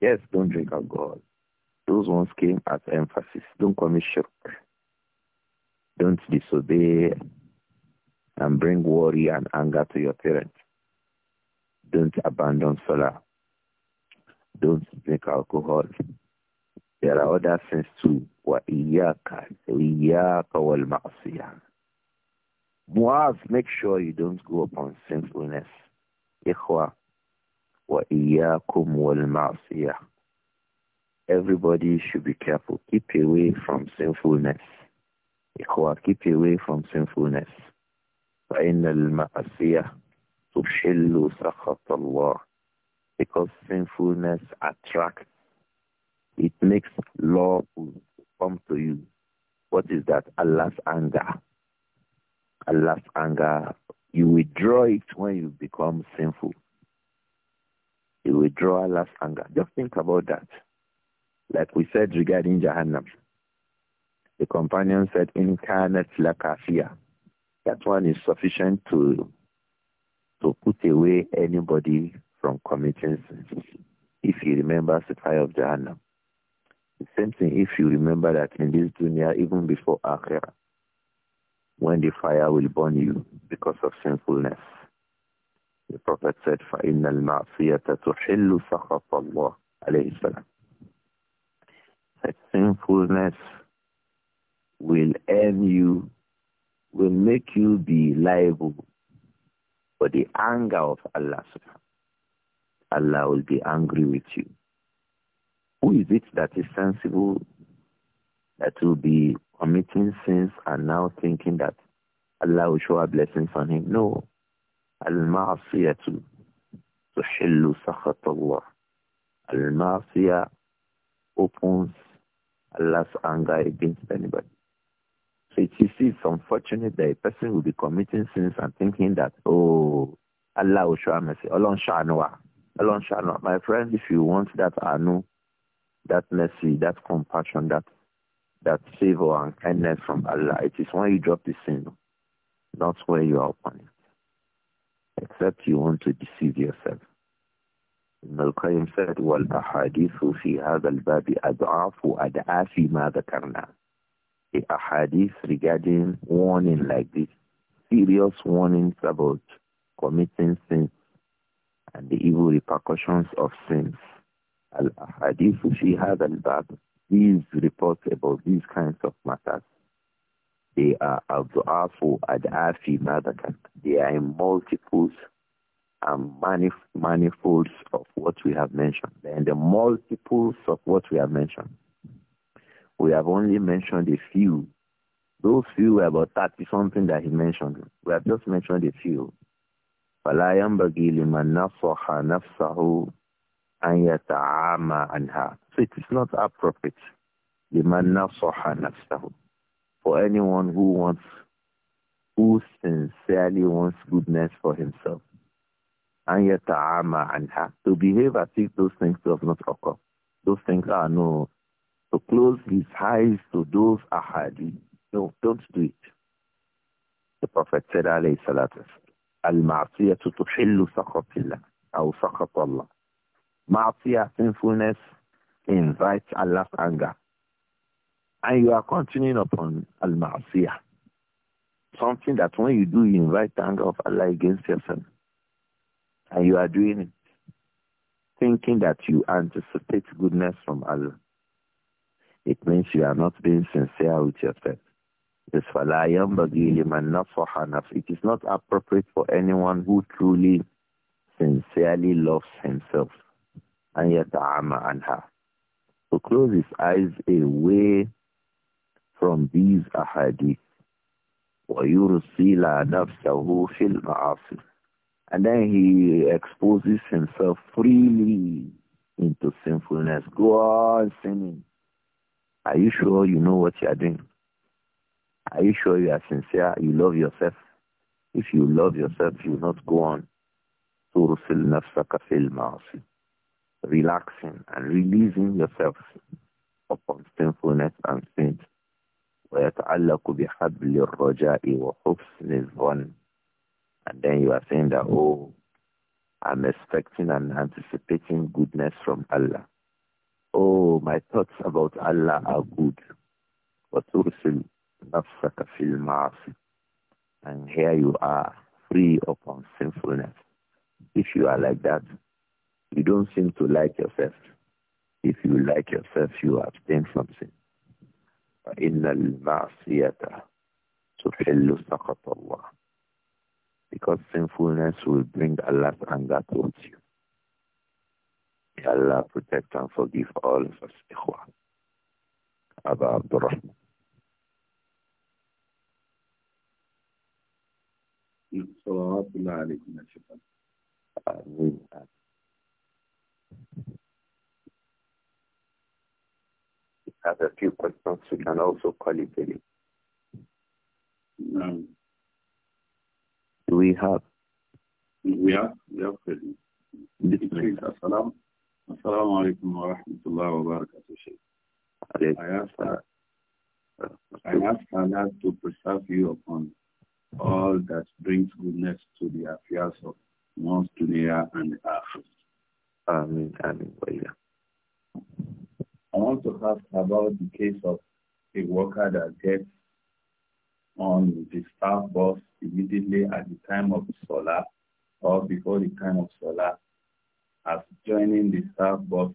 Yes, don't drink alcohol. Those ones came as emphasis. Don't commit shirk. Don't disobey and bring worry and anger to your parents. Don't abandon salah don't drink alcohol. There are other sins too. وَإِيَّاكَ وَإِيَّاكَ وَالْمَعْصِيَةِ Muaz, make sure you don't go upon sinfulness. إِخْوَةِ وَإِيَّاكُمْ وَالْمَعْصِيَةِ Everybody should be careful. Keep away from sinfulness. إِخْوَةِ Keep away from sinfulness. فَإِنَّ الْمَعْصِيَةِ تُبْشِلُّ سَخَطَ اللَّهِ because sinfulness attracts. It makes love come to you. What is that? Allah's anger. Allah's anger. You withdraw it when you become sinful. You withdraw Allah's anger. Just think about that. Like we said regarding Jahannam. The companion said, Incarnate la kafia. That one is sufficient to to put away anybody from committing sins if he remembers the fire of Jahannam. The same thing if you remember that in this dunya, even before Akhirah, when the fire will burn you because of sinfulness. The Prophet said, فَإِنَّ الْمَعْصِيَةَ تُحِلُّ سَخَطَ اللَّهِ alayhi salam. That sinfulness will end you, will make you be liable for the anger of Allah subhanahu Allah will be angry with you. Who is it that is sensible that will be committing sins and now thinking that Allah will show a blessings on him? No. Al-ma'asiyatu tuhillu sakhat Al-ma'asiyah opens Allah's anger against anybody. So it is it's unfortunate that a person will be committing sins and thinking that, oh, Allah will show mercy. Allah will show Alone shano, My friend, if you want that anu, that mercy, that compassion, that that favor and kindness from Allah, it is when you drop the sin, not when you are upon it. Except you want to deceive yourself. ابن القيم said والأحاديث في هذا الباب أضعاف أضعاف ما ذكرنا The ahadith regarding warning like this, serious warnings about committing sins and the evil repercussions of sins. Al-Ahadith fi hadha al-bab, these reports about these kinds of matters, they are al-du'afu ad-afi madakat. They are in multiples and manif manifolds of what we have mentioned. They are in the multiples of what we have mentioned. We have only mentioned a few. Those few were about 30 something that he mentioned. We have just mentioned a few. فلا ينبغي لمن نصح نفسه أن يتعامى عنها. So it is not appropriate. لمن نصح نفسه. For anyone who wants, who sincerely wants goodness for himself. أن يتعامى عنها. To behave as if those things do not occur. Those things are no. To close his eyes to those ahadi. No, don't do it. The Prophet said, alayhi salatu al-ma'siyah tuhillu saqatillah aw saqatallah. Ma'siyah, sinfulness, invites Allah's anger. And you are continuing upon al-ma'siyah. Something that when you do, you invite the anger of Allah against yourself. And you are doing it thinking that you anticipate goodness from Allah. It means you are not being sincere with yourself. It is not appropriate for anyone who truly, sincerely loves himself and yet yata'ama anha. To close his eyes away from these ahadith. وَيُرْسِلَ نَفْسَهُ فِي الْمَعَاصِي And then he exposes himself freely into sinfulness. Go on sinning. Are you sure you know what you are doing? Are you sure you are sincere? You love yourself? If you love yourself, you will not go on. ترسل نفسك في المعصية. Relaxing and releasing yourself upon sinfulness and sins. ويتعلق بحبل الرجاء وحسن الظن. And then you are saying that, oh, I'm expecting and anticipating goodness from Allah. Oh, my thoughts about Allah are good. وترسل نفسك في and here you are free upon sinfulness. If you are like that, you don't seem to like yourself. If you like yourself, you abstain from sin. فإن المعصية تحل سخط الله because sinfulness will bring Allah's anger towards you. May Allah protect and forgive all of us. Ikhwan. Abdurrahman. صراط الله عليكم الشفاء آمين have a few questions, we can also call it a Um, Do we have? We have, we have questions. Assalamu alaikum wa rahmatullahi wa barakatuh, I ask, uh, I to preserve you upon all that brings goodness to the affairs of one's dunya and akhirah. Amen. Amen. I want to ask about the case of a worker that gets on the staff bus immediately at the time of solar or before the time of solar as joining the staff bus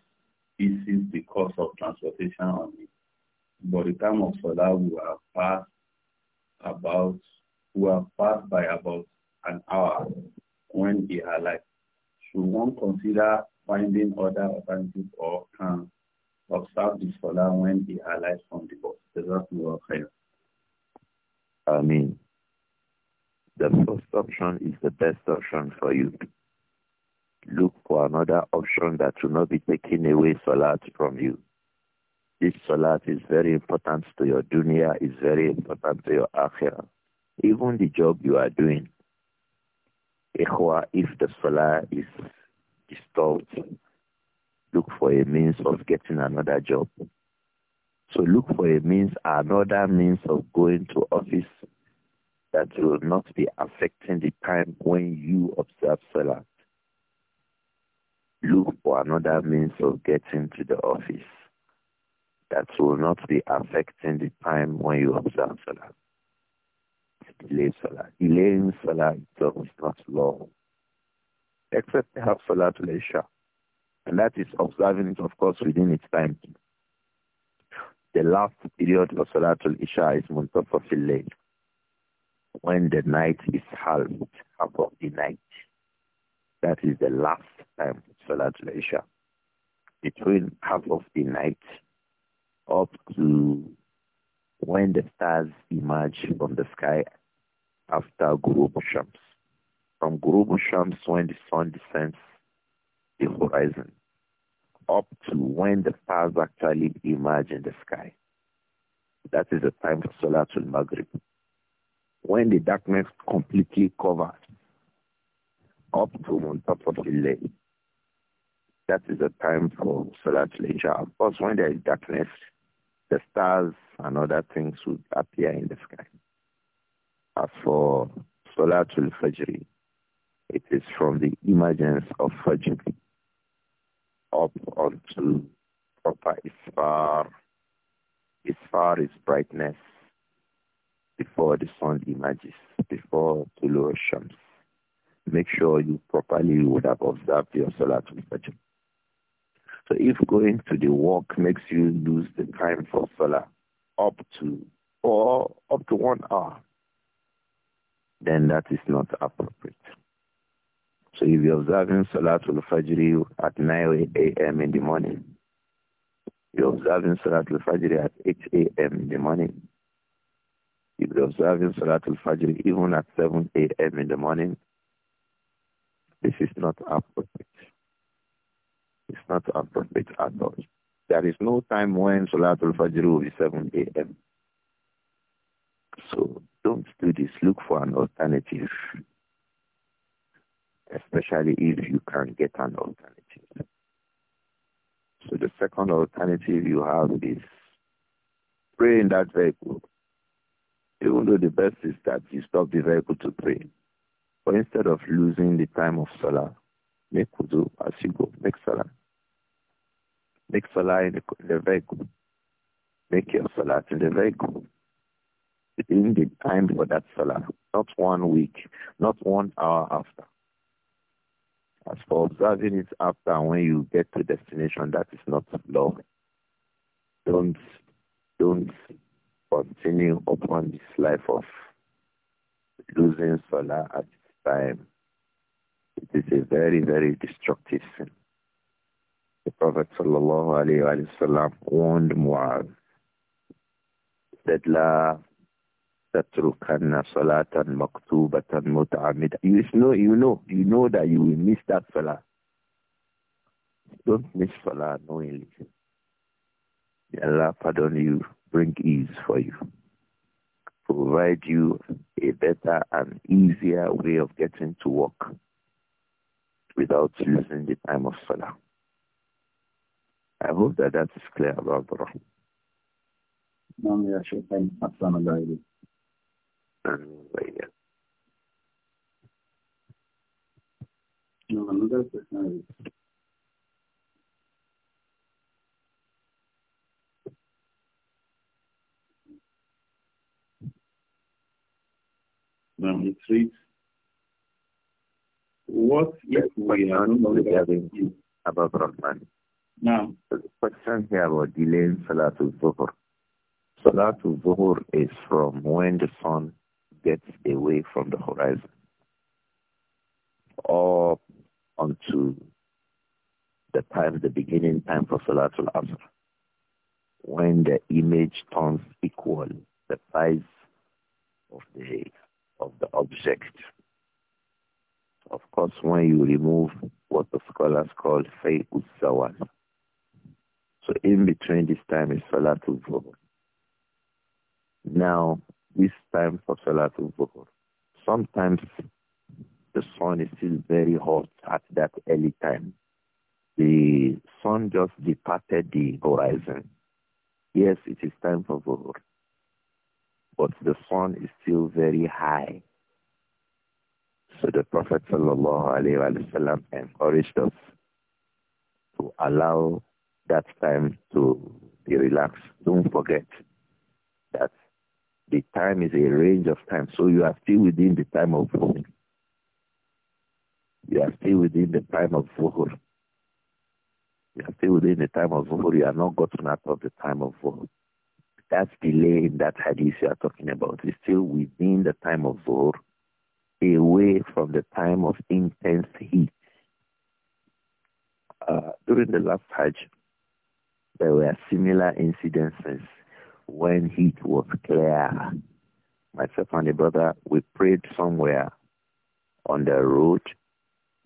eases the cost of transportation on it. By the time of solar, we are past about are passed by about an hour when he alive. Should one consider finding other alternatives or can observe the solar when he alive from the Does that khair. I mean, the first option is the best option for you. Look for another option that will not be taking away salat from you. This salat is very important to your dunya, is very important to your akhirah. Even the job you are doing, if the solar is disturbed, look for a means of getting another job. So look for a means, another means of going to office that will not be affecting the time when you observe solar. Look for another means of getting to the office that will not be affecting the time when you observe solar delay salah. Delaying salah is not law. Except perhaps salah to Isha. And that is observing it, of course, within its time. The last period of Salatul Isha is Muntafa Fillayl, when the night is halved, half the night. That is the last time Salatul Isha. Between half of the night up to when the stars emerge from the sky after Gurub From Gurub when the sun descends the horizon, up to when the stars actually emerge in the sky. That is the time for Salatul Maghrib. When the darkness completely covers, up to of the Layl. That is the time for Salatul Isha. Of course, when there is darkness, the stars and other things would appear in the sky for solar Fajr, it is from the emergence of Fajr up until proper Isfar. Isfar is brightness before the sun emerges, before Tulu Shams. Make sure you properly would have observed your solar Fajr. So if going to the walk makes you lose the time for solar up to or up to one hour, then that is not appropriate. So if you're observing Salatul Fajr at 9 a.m. in the morning, you're observing Salatul Fajr at 8 a.m. in the morning, if you're observing Salatul Fajr even at 7 a.m. in the morning, this is not appropriate. It's not appropriate at all. There is no time when Salatul Fajr will be 7 a.m. So don't do this. Look for an alternative, especially if you can get an alternative. So the second alternative you have is pray in that vehicle. Even though the best is that you stop the vehicle to pray. But instead of losing the time of Salah, make wudu as you go. Make Salah. Make Salah in the, in the vehicle. Make your Salah in the vehicle. In the time for that salah, not one week, not one hour after. As for observing it after when you get to destination, that is not law. Don't don't continue upon this life of losing salah at this time. It is a very, very destructive sin. The Prophet sallallahu alayhi wa sallam warned Muaz that La صلاة مكتوبة متعمدة you know you know you know that you will miss that salah don't miss salah knowingly May Allah pardon you bring ease for you provide you a better and easier way of getting to work without losing the time of salah I hope that that is clear about the Rahman. Anyway, Now another question is, what if we are no regarding about Rahman? Now, the question here about delaying Salatul Zuhur. Salatul Zuhur is from when the sun gets away from the horizon or onto the time, the beginning time for Salatul Asr, when the image turns equal the size of the of the object. Of course, when you remove what the scholars call Faykus Zawal. So in between this time is Salatul Zuhr. Now, this time for Salatul Dhuhr. Sometimes the sun is still very hot at that early time. The sun just departed the horizon. Yes, it is time for Dhuhr. But the sun is still very high. So the Prophet ﷺ encouraged us to allow that time to be relaxed. Don't forget that the time is a range of time. So you are still within the time of Zuhur. You are still within the time of Zuhur. You are still within the time of Zuhur. You are not gotten out of the time of Zuhur. That delay in that hadith you are talking about is still within the time of Zuhur, away from the time of intense heat. Uh, during the last Hajj, there were similar incidences when it was clear. Myself and the brother, we prayed somewhere on the road.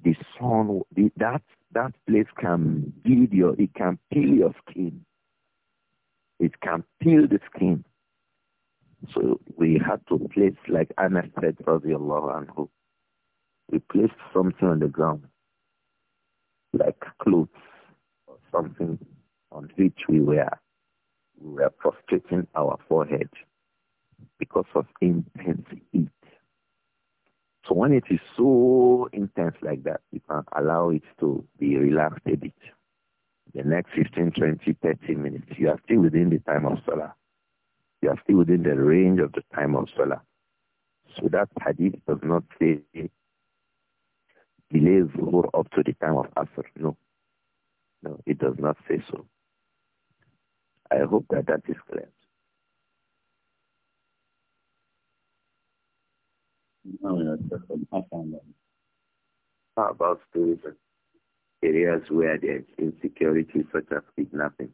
The sun, the, that, that place can give you. it can peel your skin. It can peel the skin. So we had to place, like Anna said, and who we placed something on the ground, like clothes or something on which we were we are prostrating our forehead because of intense heat. So when it is so intense like that, you can allow it to be relaxed a bit. The next 15, 20, 30 minutes, you are still within the time of Salah. You are still within the range of the time of Salah. So that hadith does not say delay Zuhur up to the time of Asr. No. No, it does not say so. I hope that that is clear. How about those areas where there is insecurity such as kidnapping?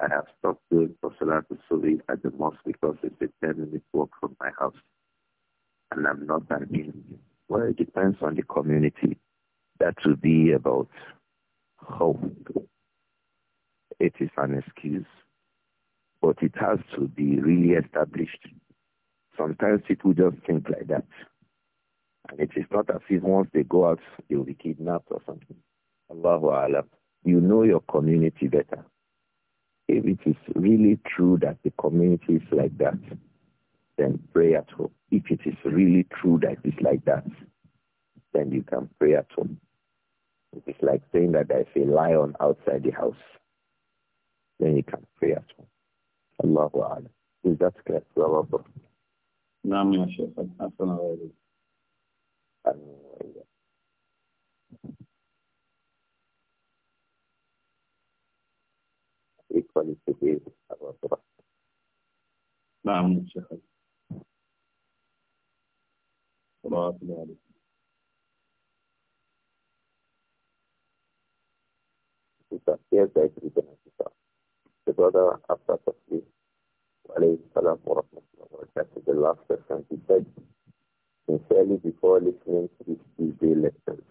I have stopped doing Salat Suri at the mosque because it's a 10-minute walk from my house. And I'm not that imam. Well, it depends on the community. That would be about hope it is an excuse, but it has to be really established. Sometimes people just think like that. And it is not as if once they go out, they will be kidnapped or something. Allahu Alam. You know your community better. If it is really true that the community is like that, then pray at home. If it is really true that it's like that, then you can pray at home. It is like saying that there is a lion outside the house. then he can pray at home. Allahu Alam. Is that clear to our brother? نعم يا شيخ أحسن الله Equally to be our brother. Naam, ya شيخ صلوات الله عليه Yes, I agree with that. the brother after Tasbih, salam wa rahmatullahi the last sentence he said, sincerely before listening to these Tuesday lectures,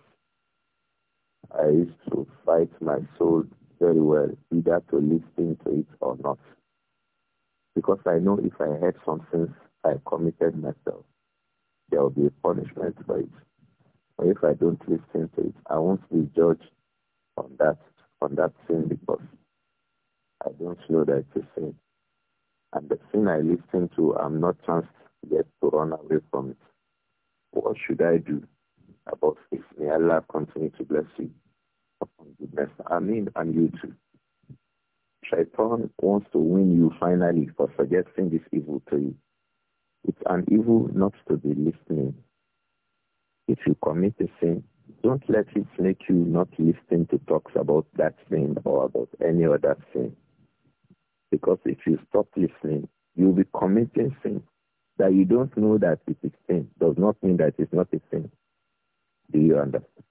I used to fight my soul very well, either to listen to it or not. Because I know if I had some sins, I committed myself. There will be a punishment for it. But if I don't listen to it, I won't be judged on that on that sin because I don't know that it's sin. And the sin I listen to, I'm not chanced yet to run away from it. What should I do about this? May Allah continue to bless you upon goodness. I mean, and you too. Shaitan wants to win you finally for suggesting this evil to you. It's an evil not to be listening. If you commit a sin, don't let it make you not listen to talks about that sin or about any other sin. Because if you stop listening, you'll be committing sin. That you don't know that it is sin does not mean that it's not a sin. Do you understand?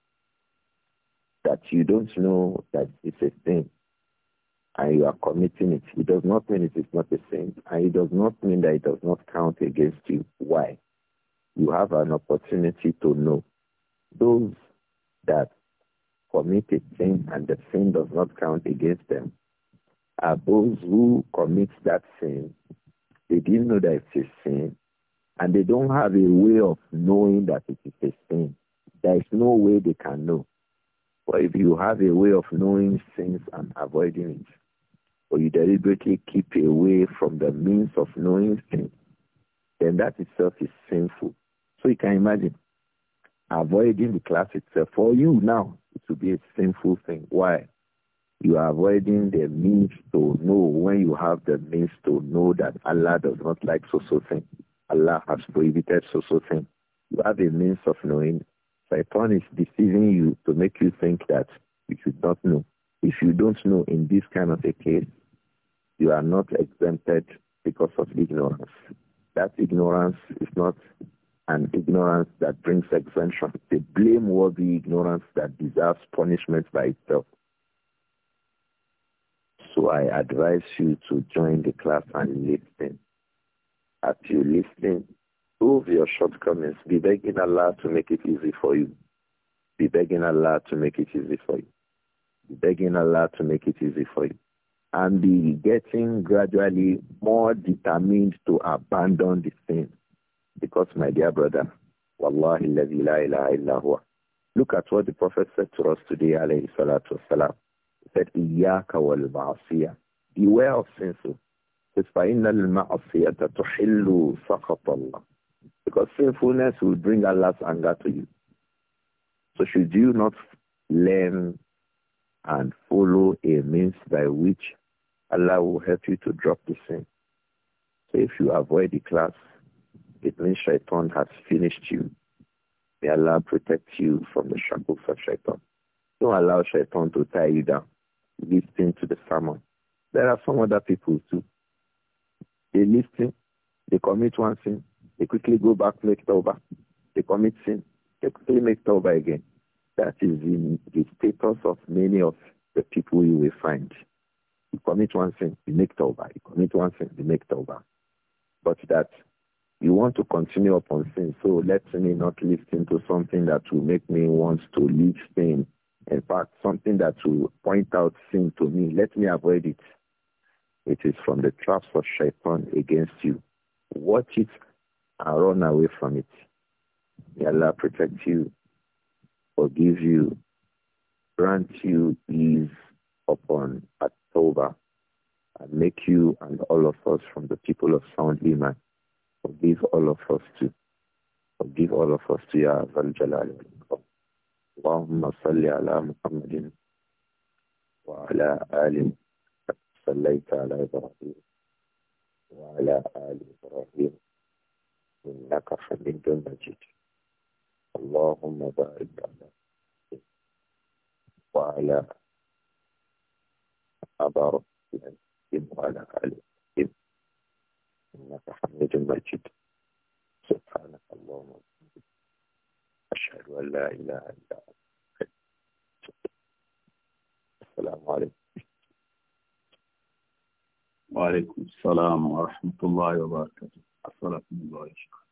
That you don't know that it's a sin and you are committing it, it does not mean it is not a sin and it does not mean that it does not count against you. Why? You have an opportunity to know. Those that commit a sin and the sin does not count against them, are those who commit that sin. They didn't know that it's a sin, and they don't have a way of knowing that it is a sin. There is no way they can know. But if you have a way of knowing sins and avoiding it, or you deliberately keep away from the means of knowing sin, then that itself is sinful. So you can imagine avoiding the class itself for you now it will be a sinful thing. Why? You are avoiding the means to know when you have the means to know that Allah does not like so-so thing. Allah has prohibited so-so thing. You have a means of knowing. Satan is deceiving you to make you think that you should not know. If you don't know in this kind of a case, you are not exempted because of ignorance. That ignorance is not an ignorance that brings exemption. It's a blameworthy ignorance that deserves punishment by itself. So I advise you to join the class and listen. As you listen, prove your shortcomings. Be begging Allah to make it easy for you. Be begging Allah to make it easy for you. Be begging Allah to make it easy for you. And be getting gradually more determined to abandon the sin. Because, my dear brother, Wallahi la ilaha illa Look at what the Prophet said to us today, alayhi salatu wasalam said, إِيَّاكَ وَالْمَعْصِيَةِ Beware of sinful. It's فَإِنَّ الْمَعْصِيَةَ تُحِلُّ سَخَطَ اللَّهِ Because sinfulness will bring Allah's anger to you. So should you not learn and follow a means by which Allah will help you to drop the sin? So if you avoid the class, it means shaitan has finished you. May Allah protect you from the shackles of shaitan. Don't allow shaitan to tie you down listen to the sermon. There are some other people too. They listen, they commit one sin, they quickly go back, make over. They commit sin, they quickly make over again. That is the, the status of many of the people you will find. You commit one sin, you make over. You commit one sin, you make over. But that you want to continue upon sin, so let me not listen to something that will make me want to leave sin in fact, something that will point out sin to me, let me avoid it. It is from the traps of shaitan against you. Watch it and run away from it. May Allah protect you, forgive you, grant you ease upon October, and make you and all of us from the people of sound iman. Forgive all of us too. Forgive all of us to Ya Zal Jalal. اللهم صل على محمد وعلى آل صليت على إبراهيم وعلى آل إبراهيم إنك حميد مجيد اللهم بارك على وعلى أبارك وعلى آل إنك حميد مجيد سبحانك اللهم أشهد أن لا إله إلا أنت السلام عليكم وعليكم السلام ورحمة الله وبركاته السلام عليكم